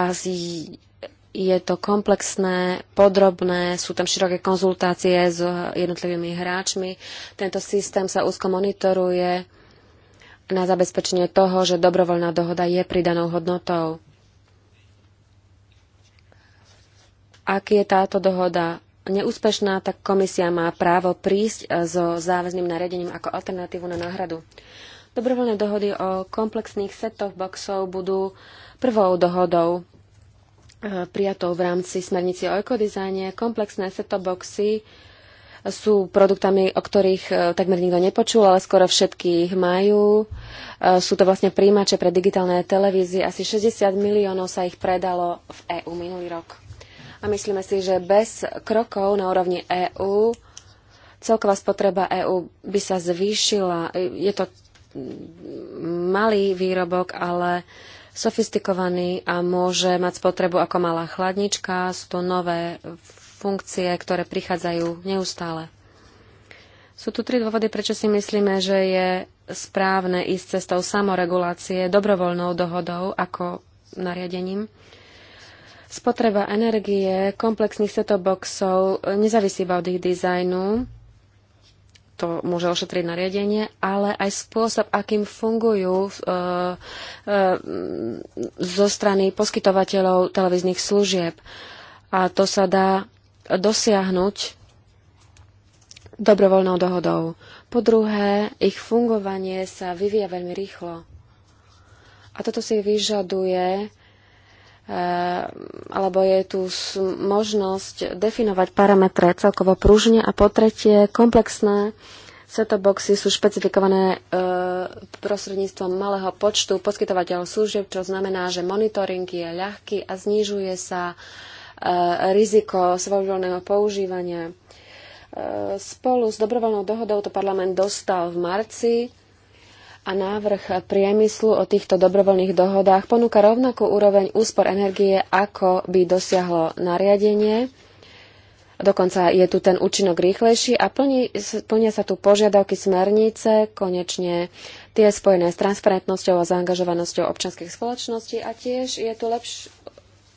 [SPEAKER 4] je to komplexné, podrobné, sú tam široké konzultácie s jednotlivými hráčmi. Tento systém sa úzko monitoruje na zabezpečenie toho, že dobrovoľná dohoda je pridanou hodnotou. Ak je táto dohoda neúspešná, tak komisia má právo prísť eh, so záväzným nariadením ako alternatívu na náhradu. Dobrovoľné dohody o komplexných setoch boxov budú prvou dohodou eh, prijatou v rámci smernici o ekodizajne. Komplexné setoboxy boxy sú produktami, o ktorých e, takmer nikto nepočul, ale skoro všetky ich majú. E, sú to vlastne príjimače pre digitálne televízie. Asi 60 miliónov sa ich predalo v EÚ minulý rok. A myslíme si, že bez krokov na úrovni EÚ celková spotreba EÚ by sa zvýšila. E, je to malý výrobok, ale sofistikovaný a môže mať spotrebu ako malá chladnička. Sú to nové funkcie, ktoré prichádzajú neustále. Sú tu tri dôvody, prečo si myslíme, že je správne ísť cestou samoregulácie dobrovoľnou dohodou ako nariadením. Spotreba energie komplexných setoboxov, boxov nezávisí od ich dizajnu, to môže ošetriť nariadenie, ale aj spôsob, akým fungujú e, e, zo strany poskytovateľov televíznych služieb. A to sa dá dosiahnuť dobrovoľnou dohodou. Po druhé, ich fungovanie sa vyvíja veľmi rýchlo. A toto si vyžaduje, eh, alebo je tu možnosť definovať parametre celkovo pružne a po tretie, komplexné set boxy sú špecifikované eh, prostredníctvom malého počtu poskytovateľov služieb, čo znamená, že monitoring je ľahký a znižuje sa Eh, riziko svojvoľného používania. Eh, spolu s dobrovoľnou dohodou to parlament dostal v marci a návrh priemyslu o týchto dobrovoľných dohodách ponúka rovnakú úroveň úspor energie, ako by dosiahlo nariadenie. Dokonca je tu ten účinok rýchlejší a plní, plnia sa tu požiadavky smernice, konečne tie spojené s transparentnosťou a zaangažovanosťou občanských spoločností a tiež je tu lepš,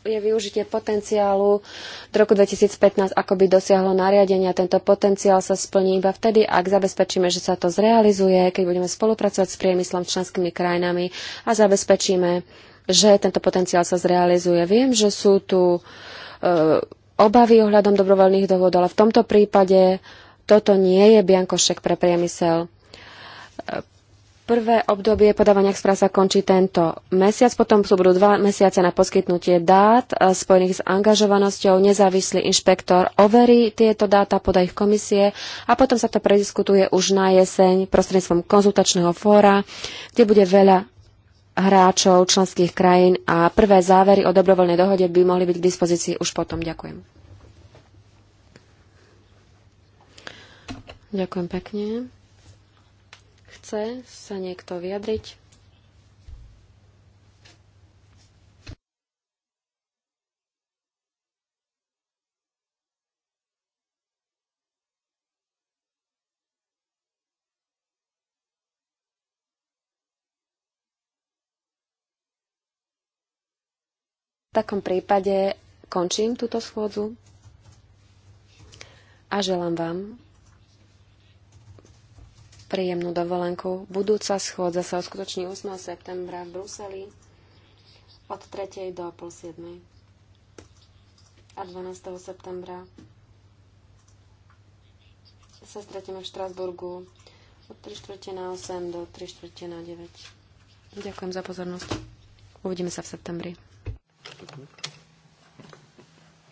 [SPEAKER 4] je využitie potenciálu do roku 2015, ako by dosiahlo nariadenia. Tento potenciál sa splní iba vtedy, ak zabezpečíme, že sa to zrealizuje, keď budeme spolupracovať s priemyslom, členskými krajinami a zabezpečíme, že tento potenciál sa zrealizuje. Viem, že sú tu e, obavy ohľadom dobrovoľných dohôd, ale v tomto prípade toto nie je biankošek pre priemysel Prvé obdobie podávania správ sa končí tento mesiac, potom sú budú dva mesiace na poskytnutie dát eh, spojených s angažovanosťou. Nezávislý inšpektor overí tieto dáta, podá ich komisie a potom sa to prediskutuje už na jeseň prostredníctvom konzultačného fóra, kde bude veľa hráčov členských krajín a prvé závery o dobrovoľnej dohode by mohli byť k dispozícii už potom. Ďakujem. Ďakujem pekne. Chce sa niekto vyjadriť? V takom prípade končím túto schôdzu a želám vám príjemnú dovolenku. Budúca schôdza sa uskutoční 8. septembra v Bruseli od 3. do pol 7. A 12. septembra sa stretíme v Štrasburgu od 3 čtvrte na 8 do 3 čtvrte na 9. Ďakujem za pozornosť.
[SPEAKER 3] Uvidíme sa v septembri.